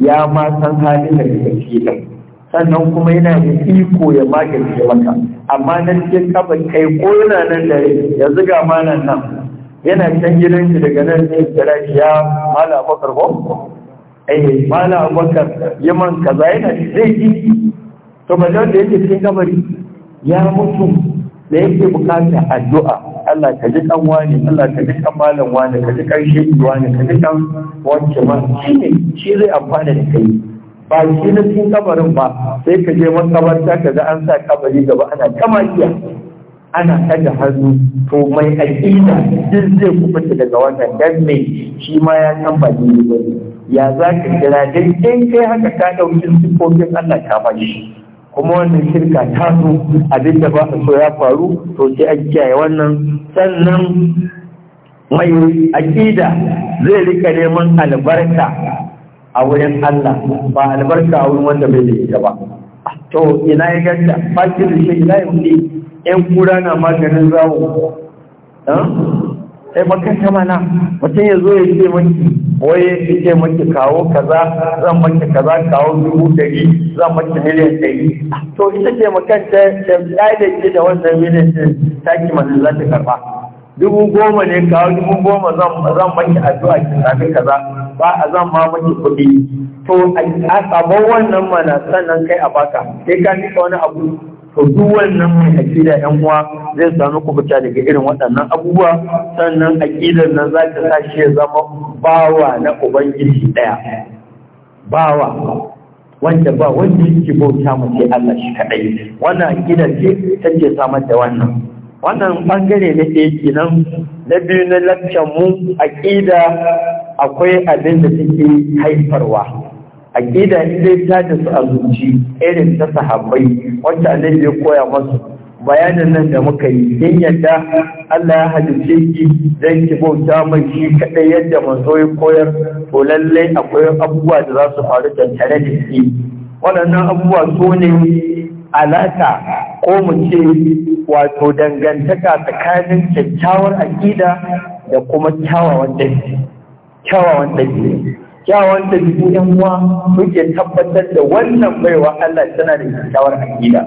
ya ma san halin da kake ciki sannan kuma yana da iko ya magance maka amma na cikin kafa kai ko yana nan da ya ga malan nan yana can gidan shi daga nan ne kira shi ya mala abubakar ko eh mala abubakar yaman kaza yana zai yi to ba da yake cikin kabari ya mutu da yake bukata addu'a Allah ka ji kan wani Allah ka ji kan malam wani ka ji kan shehi wani ka ji kan wacce ma shi ne shi zai amfana da kai ba shi na cikin kabarin ba sai ka je makabarta ka ga an sa kabari gaba ana kamakiya ana kada hannu to mai aƙida duk zai kubuta daga wannan dan shi ma ya san ba ni ba ya za ka kira dan in kai haka ka dauki sifofin Allah ka shi kuma wannan shirka ta zo abin da ba a so ya faru to sai an kiyaye wannan sannan mai aƙida zai rika neman albarka a wurin Allah ba albarka a wurin wanda bai da ita ba to ina ya ganta fakin da shi ina ya wuce, yan kura na maganin zawo sai makanta mana mutum ya zo ya ce maki waye ya ce maki kawo kaza zan maki kaza kawo dubu dari zan maki miliyan dari to ita ce makanta da ɗaya ce da wannan miliyan ɗin taki masu za ta karɓa dubu goma ne kawo dubu goma zan maki addu'a ki sami kaza ba a zan ma maki kuɗi to a sabon wannan mana sannan kai a baka sai ka nika wani abu to duk wannan mai akida yan uwa zai samu kubuta daga irin waɗannan abubuwa sannan aƙidar nan za ta sa shi ya zama bawa na ubangiji ɗaya bawa wanda ba wanda yake bauta mu sai Allah shi kaɗai wannan aƙidar ce take samar da wannan wannan bangare na ɗaya kenan na biyu na lakcan mu aƙida akwai abin da take haifarwa aƙida in dai ta su a zuci irin ta sahabbai wacce annabi ya koya masu bayanin nan da muka yi in yadda Allah ya halice ki zai ki bauta mai shi kaɗai yadda manzo ya koyar to lallai akwai abubuwa da za su faru da tare da shi waɗannan abubuwa su ne alaka ko mu ce wato dangantaka tsakanin kyakkyawar aƙida da kuma kyawawan dangi kyawawan ɗabi'u kyawawan ɗabi'u ɗan uwa muke tabbatar da wannan baiwa Allah tana da kyakkyawar aƙida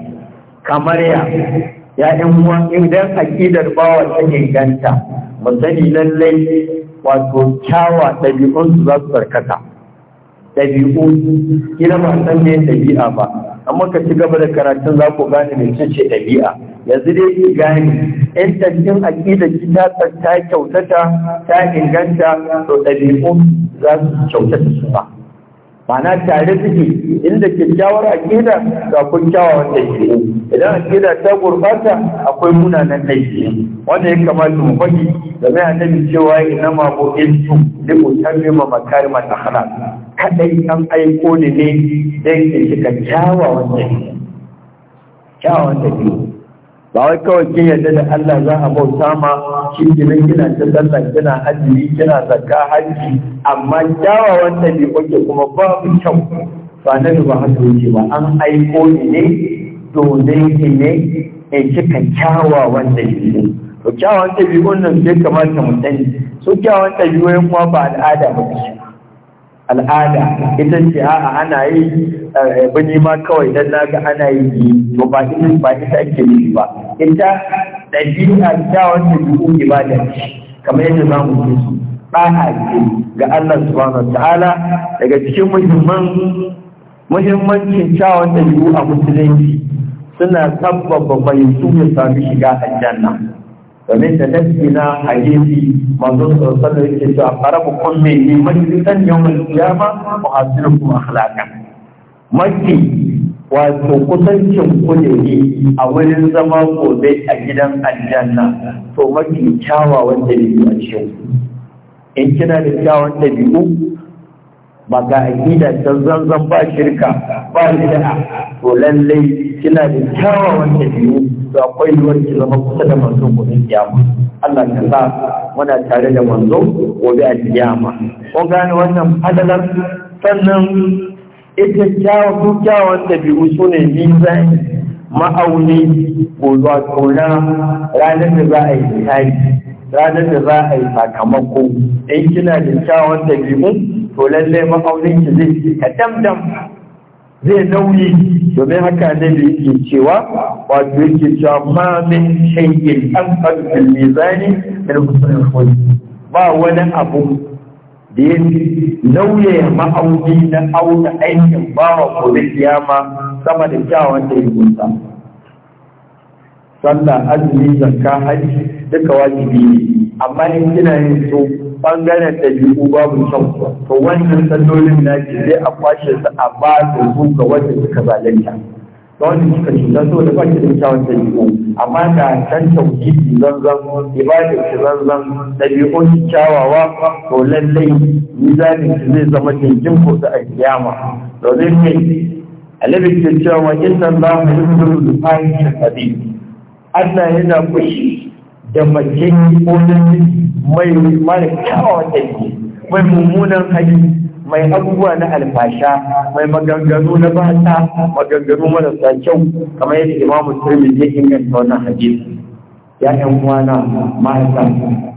kamar ya ya ɗan uwa idan aƙidar bawa ta ganta mu sani lallai wato kyawa ɗabi'unsu za su tsarkaka ɗabi'u kila ba san me ɗabi'a ba amma ka ci gaba da karatun za ku gane mai ce ɗabi'a yanzu dai ki gane in tafin aƙida ki ta kyautata ta inganta to ɗabi'u za su kyautata su ba mana tare suke inda kyakkyawar aƙida ga kun kyawawan ke. idan aƙida ta gurbata, akwai munanan laifi. wanda ya kamata mu faɗi game da annabi cewa ina ma in su da ku tabe ma makarimat akhlaq kadai an aiko ne ne dan ke kyakkyawan ɗaiɗe kyawawan ke. ba wai kawai kin yarda da Allah za a bauta ma shi gina gina ta sallah gina hajji kina zakka haji amma kyawawan ɗabi'u ke kuma babu kyau ba na ba haka yake ba an aiko ni ne domin ki ne in cika kyawawan ɗabi'u to kyawawan ɗabi'un nan sai kamata mu sani su kyawawan ɗabi'u kuma ba al'ada ba ce al'ada ita ce a'a ana yi eh, bani ma kawai dan naga ana yi to ba ita ba ita ake yi ba ita dabi'a ta wanda da ibada kamar yadda za mu ce su Ba a yi ga Allah subhanahu ta'ala daga cikin muhimman muhimmancin kyawun dabi'u a musulunci suna sabbaba mai su ya sami shiga aljanna domin da nafi na masu masu sallallahu da yake cewa ne, kulli ni majlisan yawmal qiyama wa kuma halaka mafi wato kusancin ku ne a wurin zama gobe a gidan aljanna to mafi kyawawan dabi'u a cikin in kina da da biyu ba ga aƙida ta zanzan ba shirka ba bid'a to lallai kina da kyawawan biyu da kwaiwar ki zama kusa da manzo gobe kiyama Allah ya sa muna tare da manzo gobe a kiyama kun gane wannan fadalar sannan ita kyawun kyawawan ɗabi'u bi ne mizan ma'auni ko zuwa tona ranar da za a yi tsari ranar da za a yi sakamako in kina da kyawun ɗabi'u to lallai ma'aunin ki zai ka damdam zai nauyi domin haka ne da yake cewa wato yake cewa ma min shay'in an fadil mizani min husnul khuluq ba wani abu da ya nauye ma'auni na auna aikin bawa wa da kiyama sama da kyawun da ya sallah azumi zakka hajji duka wajibi ne amma in kina yin so bangaren ɗabi'u babu kyau to wannan sallolin na ke zai a kwashe su a ba da su ga wanda suka zalunta ga wanda suka cuta so da baki da kyawun ɗabi'u amma ga can tauhidi zanzan ibadar ki zanzan ɗabi'un ki kyawawa to lallai mizanin su zai zama jinjin ko da a kiyama to zai ne alabi ke cewa inna Allah ya zuru da fahishin hadisi Allah yana kushi da mace ko namiji mai mara kyawawan ɗabi'u mai mummunan hali mai abubuwa na alfasha mai maganganu na bata maganganu marasa kyau kamar yadda imamu turmi ya inganta wannan hadisi ya yan uwana mata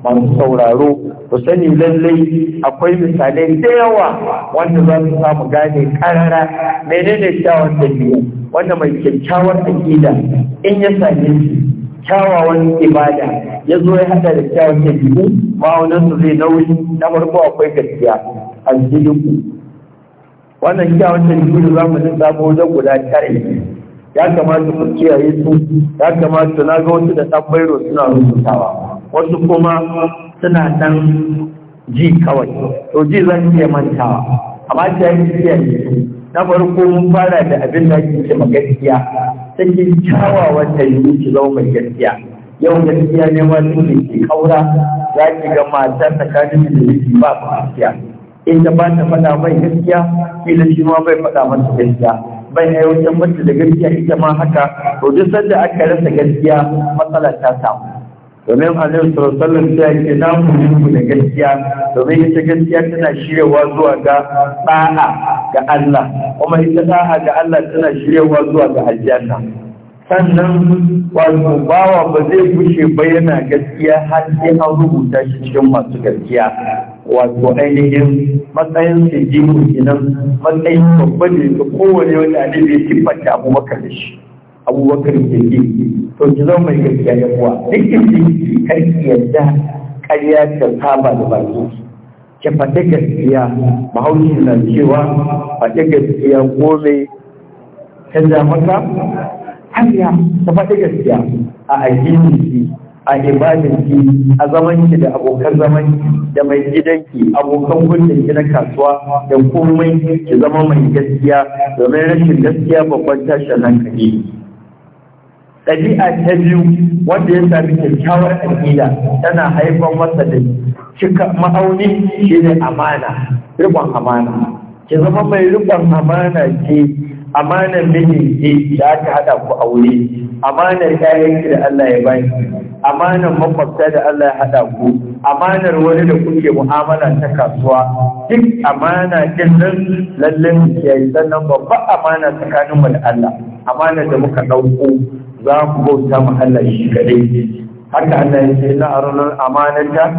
masu sauraro ku sani lallai akwai misalai da yawa wanda za su samu gane karara menene kyawar dabi'a wanda mai kyakkyawar aƙida in ya same shi kyawawan ibada ya zo ya hada da kyawun ɗabi'u ma'aunin su zai nauyi na farko akwai gaskiya a cikin wannan kyawun ɗabi'u da za mu ji sabo wajen guda tare ya kamata mu kiyaye su ya kamata na ga wasu da tabbairo suna rubutawa wasu kuma suna nan ji kawai to ji zan iya mantawa amma ta yi kiyaye su na farko mun fara da abin da ake ce gaskiya cikin kyawawan ɗabi'u ki zama mai gaskiya yau gaskiya ne ma su ne ke kaura za ki ga matar tsakanin da miji ba ku gaskiya in ta ba ta faɗa mai gaskiya kila shi ma bai faɗa masa gaskiya bai aiwatar bata da gaskiya ita ma haka to duk sanda aka rasa gaskiya matsala ta samu domin annabi sallallahu ta yake ya yanku da gaskiya domin ita gaskiya tana shiryawa zuwa ga tsaha ga Allah kuma ita tsaha ga Allah tana shiryawa zuwa ga hajjata sannan wato bawa ba zai bushe ba yana gaskiya har sai an rubuta shi cikin masu gaskiya wato ainihin matsayin sai jimu kenan matsayin babba ne ga kowane wani alibi ya tibbata abu maka da shi abubakar jirgi to ki zama mai gaskiya ya kuwa duk ki karki yadda ƙarya ta saba da baki ki faɗi gaskiya bahaushe na cewa faɗi gaskiya gome ta jamaka hanya ta faɗi gaskiya a addini a ibadanki a zaman zamanki da abokan zamanki da mai gidanki abokan gudunki na kasuwa da komai ki zama mai gaskiya domin rashin gaskiya babban tashin hankali ɗabi'a ta biyu wanda ya sami kyakkyawar aƙida tana haifar masa da cika ma'auni shi ne amana riƙon amana ki zama mai riƙon amana ce mini ke da aka haɗa ku aure amanar ki da Allah ya bani amanar makwabta da Allah ya haɗa ku amanar wani da kuke mu'amala ta kasuwa duk amana din nan lallai ya yi sannan babba amana tsakaninmu da Allah amanar da muka ɗauko za ku bauta mu Allah shi kadai haka Allah ya na amanata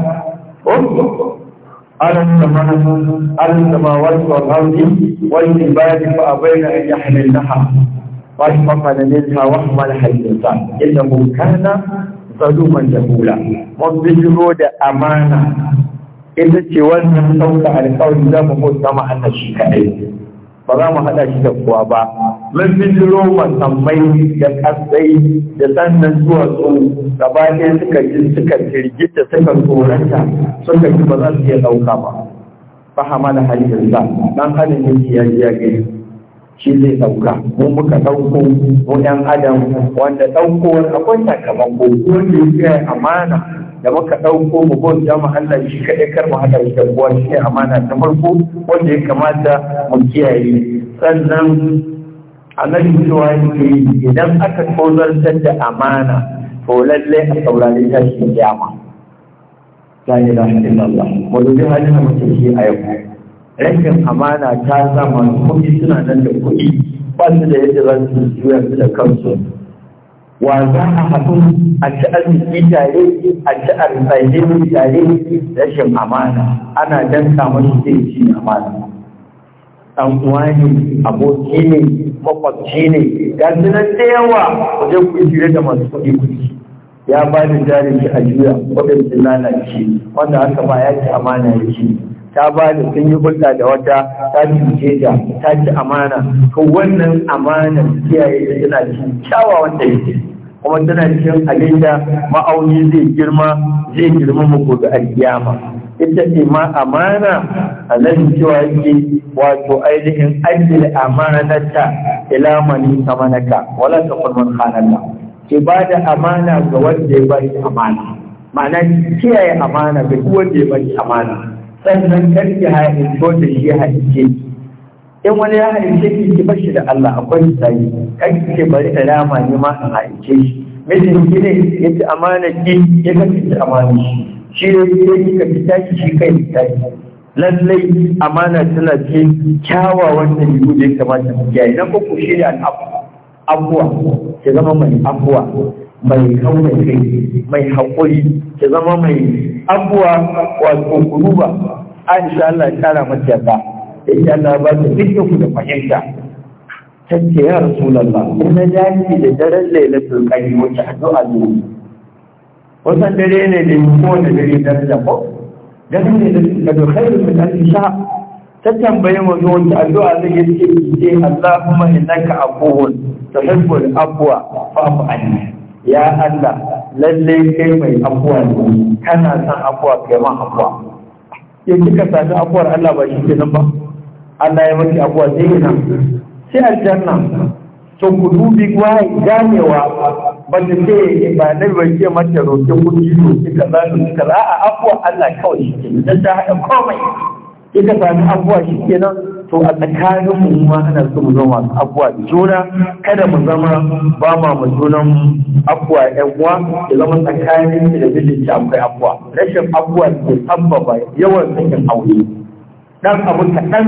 أن يحملنها واشفقن أمانة ba za mu haɗa shi da kuwa ba mun bijiro masammai da kasai da sannan zuwa su gaba ɗaya suka ji suka firgita suka tsoranta suka ji ba za su iya ɗauka ba fa hamala halittarsa dan halin yake ya ji ya gani shi zai ɗauka mu muka ɗauko mu ɗan adam wanda ɗaukowar akwai sakamako wanda ya amana da muka ɗauko mu bauta mu Allah shi kaɗai kar mu haɗa da kuwa shi ne amana ta farko wanda ya kamata mu kiyaye sannan nan cewa yake idan aka tozartar da amana to lalle a saurari ta shi kiyama la ilaha illallah mu dubi da mutum shi a yau rashin amana ta sa masu kuɗi suna nan da kuɗi ba su da yadda za su juya su da kansu wa za a haɗu a ci arziki tare a ci arziki tare rashin amana ana danka mashi zai ci amana ɗan uwa ne aboki ne makwabci ne ga sunan da yawa wajen kuɗi da masu kuɗi kuɗi ya ba da jari shi a juya su lalace wanda aka ba ya ci amana ya ci ta ba da sun yi hulɗa da wata ta cuce da ta ci amana to wannan amana kiyaye da yana ci kyawawan da yake kuma tana cikin abinda ma'auni zai girma zai girma mu gobe alkiyama ita ce ma amana a nan cewa yake wato ainihin ajiyar amanata ilamani mani samanaka wala ta kurman khanaka ke ba da amana ga wanda ya bari amana ma'ana kiyaye amana ga duk wanda ya bari amana sannan karki haɗin to da shi haɗin in wani ya haife ki ki bashi da Allah akwai sai kai ki bari da rama ne ma a haife shi mijin ki ne ya ci amana ki ya kace ki amana shi shi ne ki ka fita ki shi kai ki ki lallai amana tana ce kyawawan wannan yiwu da ya kamata mu kiyaye na koko shi ne abuwa ki zama mai abuwa mai kaunar kai mai haƙuri ki zama mai abuwa wato kuruba Aisha Allah ya tara mata yadda. da ita Allah ba ta dukkan ku da fahimta tace ya rasulullah ina dace da daren lailatul qadr wace addu'a ne wannan dare ne da ko da dare ta ko daren da da khairu min al-isha. ta tambaye mu zo wata addu'a zai yi ce ce Allahumma innaka afuwun tuhibbul afwa fa'fu anni ya Allah lalle kai mai afuwa ne kana san afuwa kai ma afuwa yanzu ka sami afuwar Allah ba shi kenan ba Allah ya maki abuwa daina sai aljanna to ku dubi wai ganewa ba ta ce ba na ba ce mata roƙe kuɗi za su ka za a abuwa Allah kawai shi ke dan ta haɗa komai kika sami abuwa shi nan. to a tsakanin mu ma ana so mu zama masu abuwa da juna kada mu zama ba ma mu junan abuwa yan uwa ya zama tsakanin da mijinta akwai abuwa rashin abuwa ke sabbaba yawan sakin aure dan abu kaɗan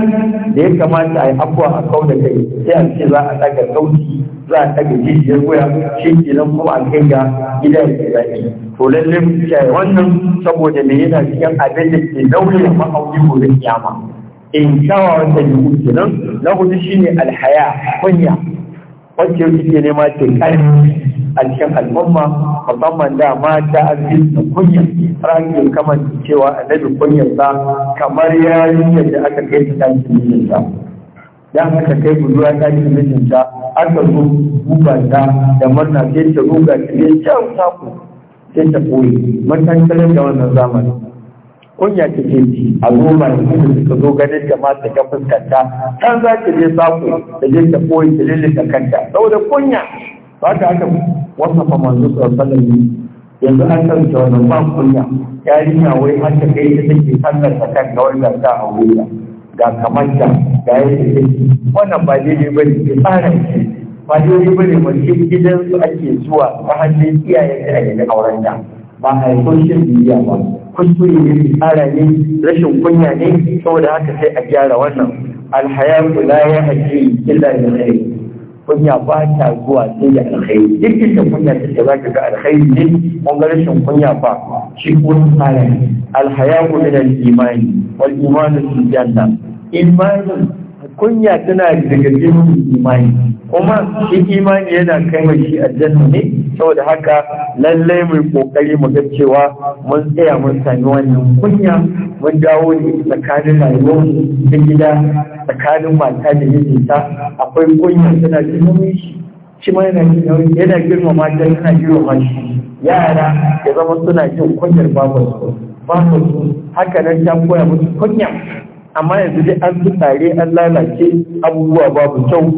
da ya kamata a yi abuwa a kau da kai sai a ce za a ɗaga sauki za a ɗaga jijiyar wuya shi ke nan kuma a kai ga gida ya ke zaɓi to lallai mu kiyaye wannan saboda me yana cikin abin da ke ma ma'auni gobe kiyama in kyawawan da yi na hudu shine alhaya kunya wacce yau ne nema ce ƙarfi a cikin al'umma musamman da mata arziki da kunya rangin kamar cewa annabi kunyarsa kamar ya yi da aka kai ta cikin mijinta Da aka kai buduwa ta cikin mijinta aka zo gubanta da murna sai ta ruga ta sai ta koyi matan kalar da wannan zamani kunya ta ke bi a zo ba da suka zo ganin da ma ta kan fuskanta kan za ki je saku da je ta koyi ta lillita kanta saboda kunya ba ta haka wasa fa manzo sallallahu yanzu an san ta wannan ba kunya na wai har ta kai ta take sallar ta kan ga wannan ta aure ga kamar ta ga yadda take wannan ba daidai ne, ke tsara shi ba daidai bane mace gidansu ake zuwa ta hannun iyayen da ake auren da ba a yi kunshin biya ba kuskure ne tsara ne rashin kunya ne saboda haka sai a gyara wannan alhayatu la ya haji illa bi khair kunya ba ta zuwa sai da alkhairi duk inda kunya take za ka ga alkhairi ne kun ga rashin kunya ba shi ko tsara ne alhayatu min al-imani wal imanu fil janna imani kunya tana daga cikin imani kuma shi imani yana kai mai shi aljanna ne saboda haka lallai mai kokari mu ga cewa mun tsaya mun sami wannan kunya mun dawo ne tsakanin rayuwar ta gida tsakanin mata da mijinta akwai kunya tana cikin shi shi ma yana yana girmama ta yana girmama shi yara ya zama suna jin kunyar babu su babu su haka nan ta koya musu kunya amma yanzu dai an fi tare an lalace abubuwa babu kyau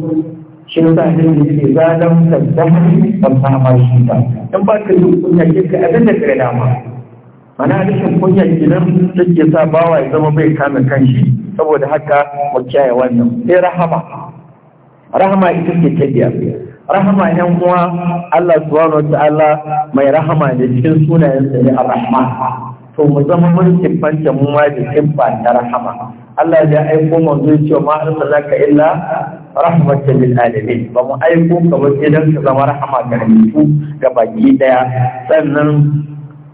shi yasa ne ke zanen tantan ban fama shi ba in ba ka yi kunya ke ka abin da ka dama mana rashin kunya kenan ke sa bawa ya zama bai kame kanshi saboda haka mu kiyaye wannan sai rahama rahama ita ce ta biyar rahama yan uwa Allah subhanahu ta'ala mai rahama ne cikin sunayen sa ne ar-rahman to mu zama mun siffanta mu ma da siffa ta rahama Allah ya aiko manzo ya ce ma arsalaka illa rahmatan lil alamin ba mu aiko ka ba sai dan ka zama rahama ga rubutu ga baki daya sannan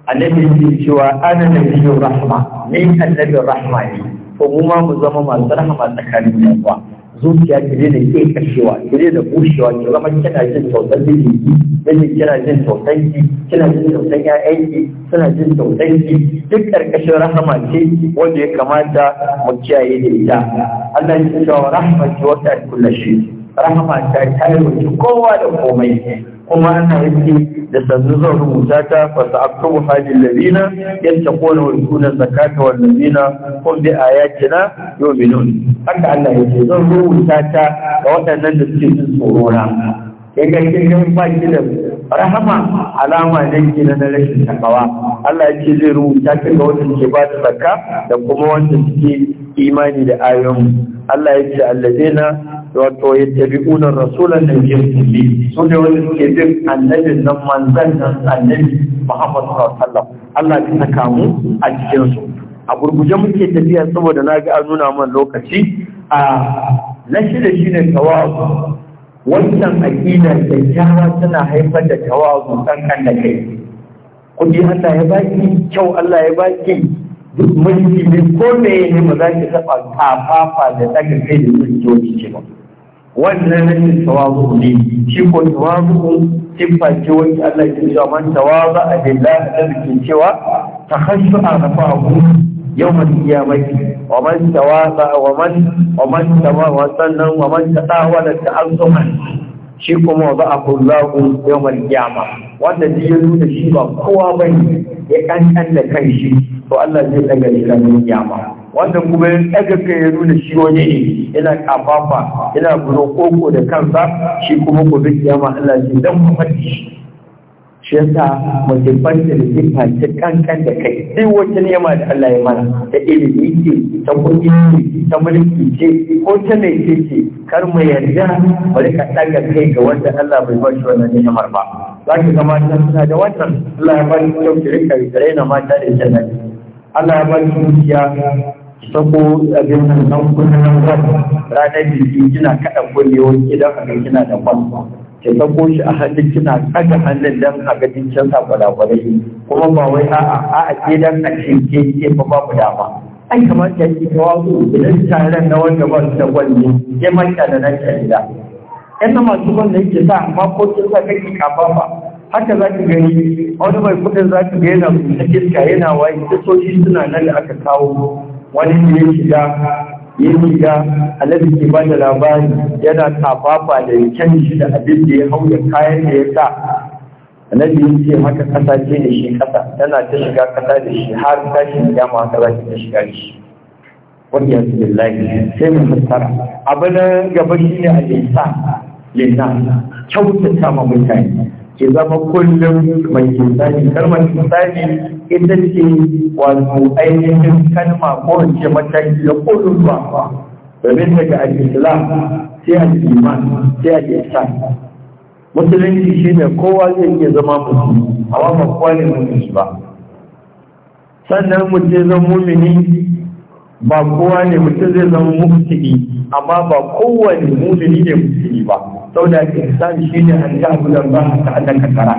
annabi ya cewa ana nabiyyu rahma ni annabi rahma ne ko mu ma mu zama masu rahama tsakanin yawa zuciya ki daina ke kashewa ki daina bushewa ki zama kina jin tausan mijinki mijin kina jin tausan ki kina jin tausan ƴaƴanki Kina jin tausan ki duk karkashin rahama ce wanda ya kamata mu kiyaye da ita Allah ya ce wa rahmatu wa ta'ala rahama ta tarwaci kowa da komai kuma ana yake da sannu zan rubuta ta fa hajjin hajil yadda kone wani yutuna zakata wal ladina hum bi yau yu'minun haka Allah yake zan rubuta ta ga waɗannan da suke jin tsoro na kin ga kin ba ki da rahama alama ne ke na rashin takawa Allah ce zai rubuta ta ga wanda ke ba da zakka da kuma wanda suke imani da ayoyin Allah ya ce allazina wato yattabi'una rasulan da ke bi su ne wani suke bin annabin nan manzan nan annabi Muhammad sallallahu Allah ya saka mu a cikin su a gurguje muke tafiya saboda na ga an nuna man lokaci a na shida shine tawazu wannan aqida da kyawa tana haifar da tawazu kan da kai kudi Allah ya baki kyau Allah ya baki duk mulki ne ko me ne ba za ki taɓa kafafa da daga kai da mulkiyoyi ce ba wannan rashin tawazu ne shi ko tawazu siffa ce wani Allah ke cewa man tawazu a billahi da ke cewa takhashu a rafahu يوم القيامة ومن تواضع ومن ومن تواضع ومن تطاول تعظما shi kuma ba a yau mai qiyama wanda duk ya nuna shi ba kowa ne ya ƙanƙan da kan shi to Allah zai daga shi kan kiyama wanda kuma ya daga kai ya nuna shi wani ne yana kafafa yana koko da kansa shi kuma gobe kiyama Allah zai dan mafarki shi shi yasa mu da sifa ta kankan da kai duk wata nema da Allah ya mana ta ilimi ce ta kuɗi ce ta mulki ce ko ta mai ce ce kar mu yarda mu rika daga kai ga wanda Allah bai ba shi wannan ni'imar ba za ki ga mata suna da wannan Allah ya ba ki kyau ki rika na mata da jannati Allah ya ba ki zuciya ki sako abin nan nan kullum ranar biki kina kaɗa kullewa idan a kina da kwalba ki sako shi a hannun kina tsaga hannun dan a gajin can sa kwalakwarai kuma ba wai a'a a'a ke dan a ke ke ba babu dama ai kamar ta yi kawo idan taron na wanda ba su da gwanne ke manta da nan shari'a yan masu gwanna yake sa amma ko kin sa kake kafa ba haka za ki gani wani mai kudin za ki ga yana kusa iska yana waye ta suna nan da aka kawo wani ne shiga ya riga ga annabi ke ba da labari yana kafafa da kyan shi da abin da ya hau da kayan da ya sa annabi ya haka kasa ce da shi kasa tana ta shiga kasa da shi har tashi ya ma haka ta shiga da shi wani ya su billahi sai mu fassara abu gaba shi ne a lissa lissa kyautata ma mutane ke zama kullum mai kintani kalmar kintani ita ce wato ainihin kalma ko in ce mataki da kullum ba domin daga al-islam sai al-iman sai ke ihsan musulunci shi ne kowa zai iya zama musulmi amma ba kowa ne musulmi ba sannan mutum zan mumini ba kowa ne mutum zai zama mufti amma ba kowane mumini ne mufti ba saboda shi ne an ta'budu ba a annaka tara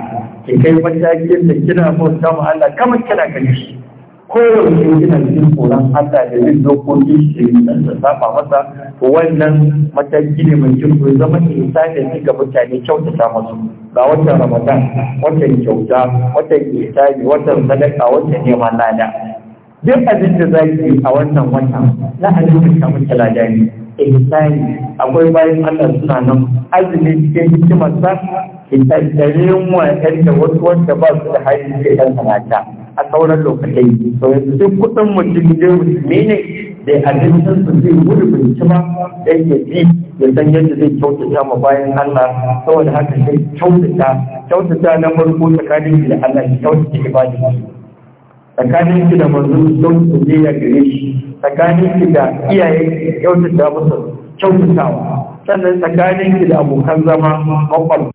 ki kai matakin da kina bauta samu Allah kamar kina gani shi kowace kina cikin tsoron Allah da yin dokoki shi da saba masa wannan mataki ne mai jin ko zama ihsani ne ga mutane kyautata musu ga watan Ramadan watan kyauta watan ihsani watan sadaka watan neman lada duk abin da yi a wannan watan za a rubuta miki lada ihsani akwai bayan Allah suna nan azumi cikin hikimar sa ki tattare mu yadda wasu wanda ba su da hali ke dan sanata a sauran lokacin to yanzu duk kudin mutum da musulmi ne da abincin su zai gudu binci ba da ke bi ya san yadda zai kyautata ma bayan Allah saboda haka sai kyautata kyautata na farko tsakanin da Allah ya kyautata ibadin tsakanin ki da manzon don ku je ya gare shi tsakanin ki da iyaye ta musu kyautatawa sannan tsakanin ki da abokan zama makwabta